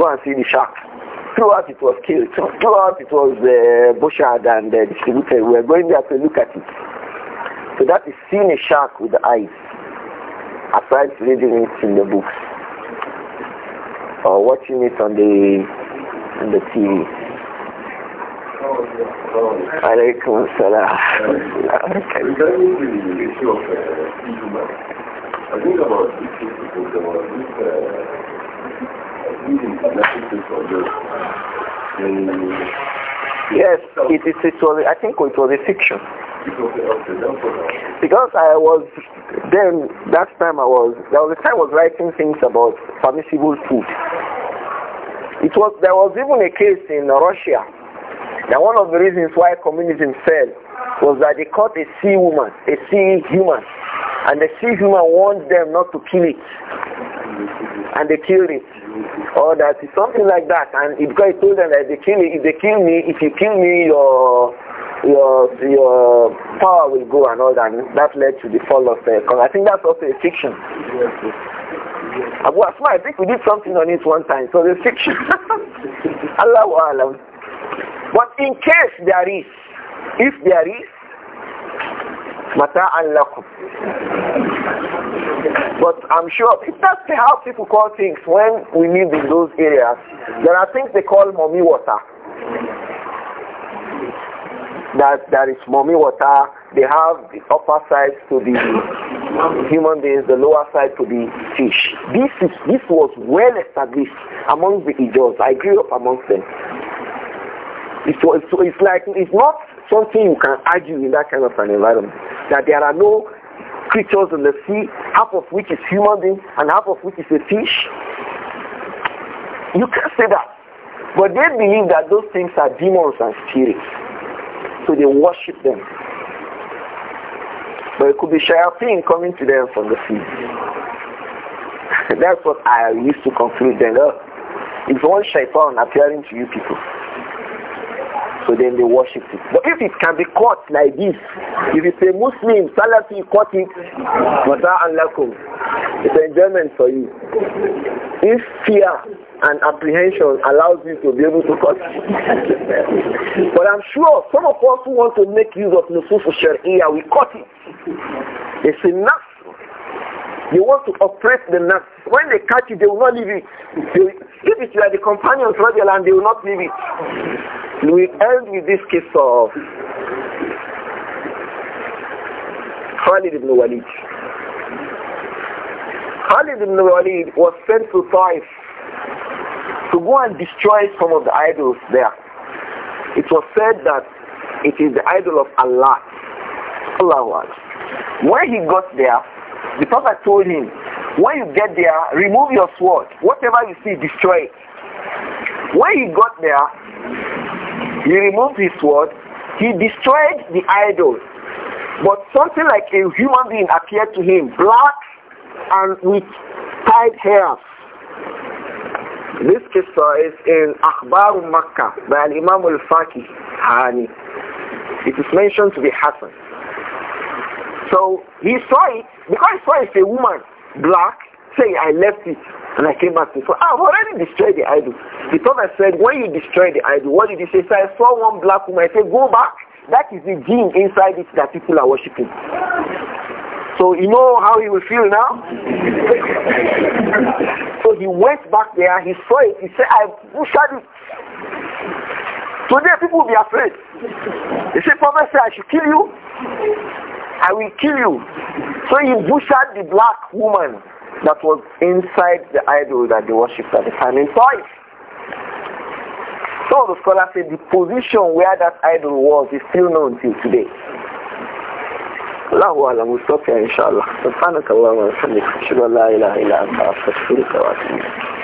Go and see the shark. Throughout it was killed. Throughout it was uh, and uh, distributed. We were going there to look at it. So that is seeing a shark with the eyes. Aside reading it in the books or watching it on the on the TV. Alaikum salam. Yes, it is. It was. I think it was a fiction. Because I was then that time I was there was a time I was writing things about permissible food. It was there was even a case in Russia now one of the reasons why communism fell was that they caught a sea woman, a sea human, and the sea human warned them not to kill it, and they killed it, or oh, that something like that. And it, because told them that if they kill me, if they kill me, if you kill me, your your your power will go and all that. And that led to the fall of the. Uh, I think that's also a fiction. I think we did something on it one time, so it's fiction. Allah Alam. But in case there is, if there is, mata'an lakum. But I'm sure that's how people call things when we live in those areas. There are things they call mommy water. That there is mommy water. They have the upper side to the human beings, the lower side to the fish. This is this was well established among the Ijaws. I grew up amongst them. It's, it's, it's like, it's not something you can argue in that kind of an environment. That there are no creatures in the sea, half of which is human being and half of which is a fish. You can't say that. But they believe that those things are demons and spirits. So they worship them. But it could be shayateen coming to them from the sea. That's what I used to conclude then. Uh, it's one shaitan appearing to you people. So then they worship it. But if it can be caught like this, if it's a Muslim, Salafi caught it, Mata'an lakum. It's enjoyment for you. If fear and apprehension allows you to be able to cut. but I'm sure some of us who want to make use of Nusufu Sharia, we cut it. It's enough they want to oppress the nafs. When they catch you, they will not leave you. if it's like the companions of the land, they will not leave it. We end with this case of Khalid ibn Walid. Khalid ibn Walid was sent to Taif to go and destroy some of the idols there. It was said that it is the idol of Allah. Allah. was When he got there, the Prophet told him, when you get there, remove your sword. Whatever you see, destroy it. When he got there, he removed his sword. He destroyed the idol. But something like a human being appeared to him, black and with tied hair. This qissa is in Akhbar Makkah by Imam al-Faqih and It is mentioned to be Hassan. So he saw it, because he saw it's a woman, black, say I left it and I came back to So I've already destroyed the idol. The prophet said, when you destroy the idol, what did he say? So I saw one black woman. I said, go back. That is the gene inside it that people are worshipping. So you know how he will feel now? so he went back there, he saw it, he said, I pushed it. Today people will be afraid. They say, Prophet said, I should kill you. I will kill you. So he butchered the black woman that was inside the idol that they worshipped at the time in Taif. so the scholar said the position where that idol was is still known till today. الله أعلم مستطيع إن شاء الله سبحانك اللهم وبحمدك أشهد أن لا إله إلا أنت أستغفرك وأتوب إليك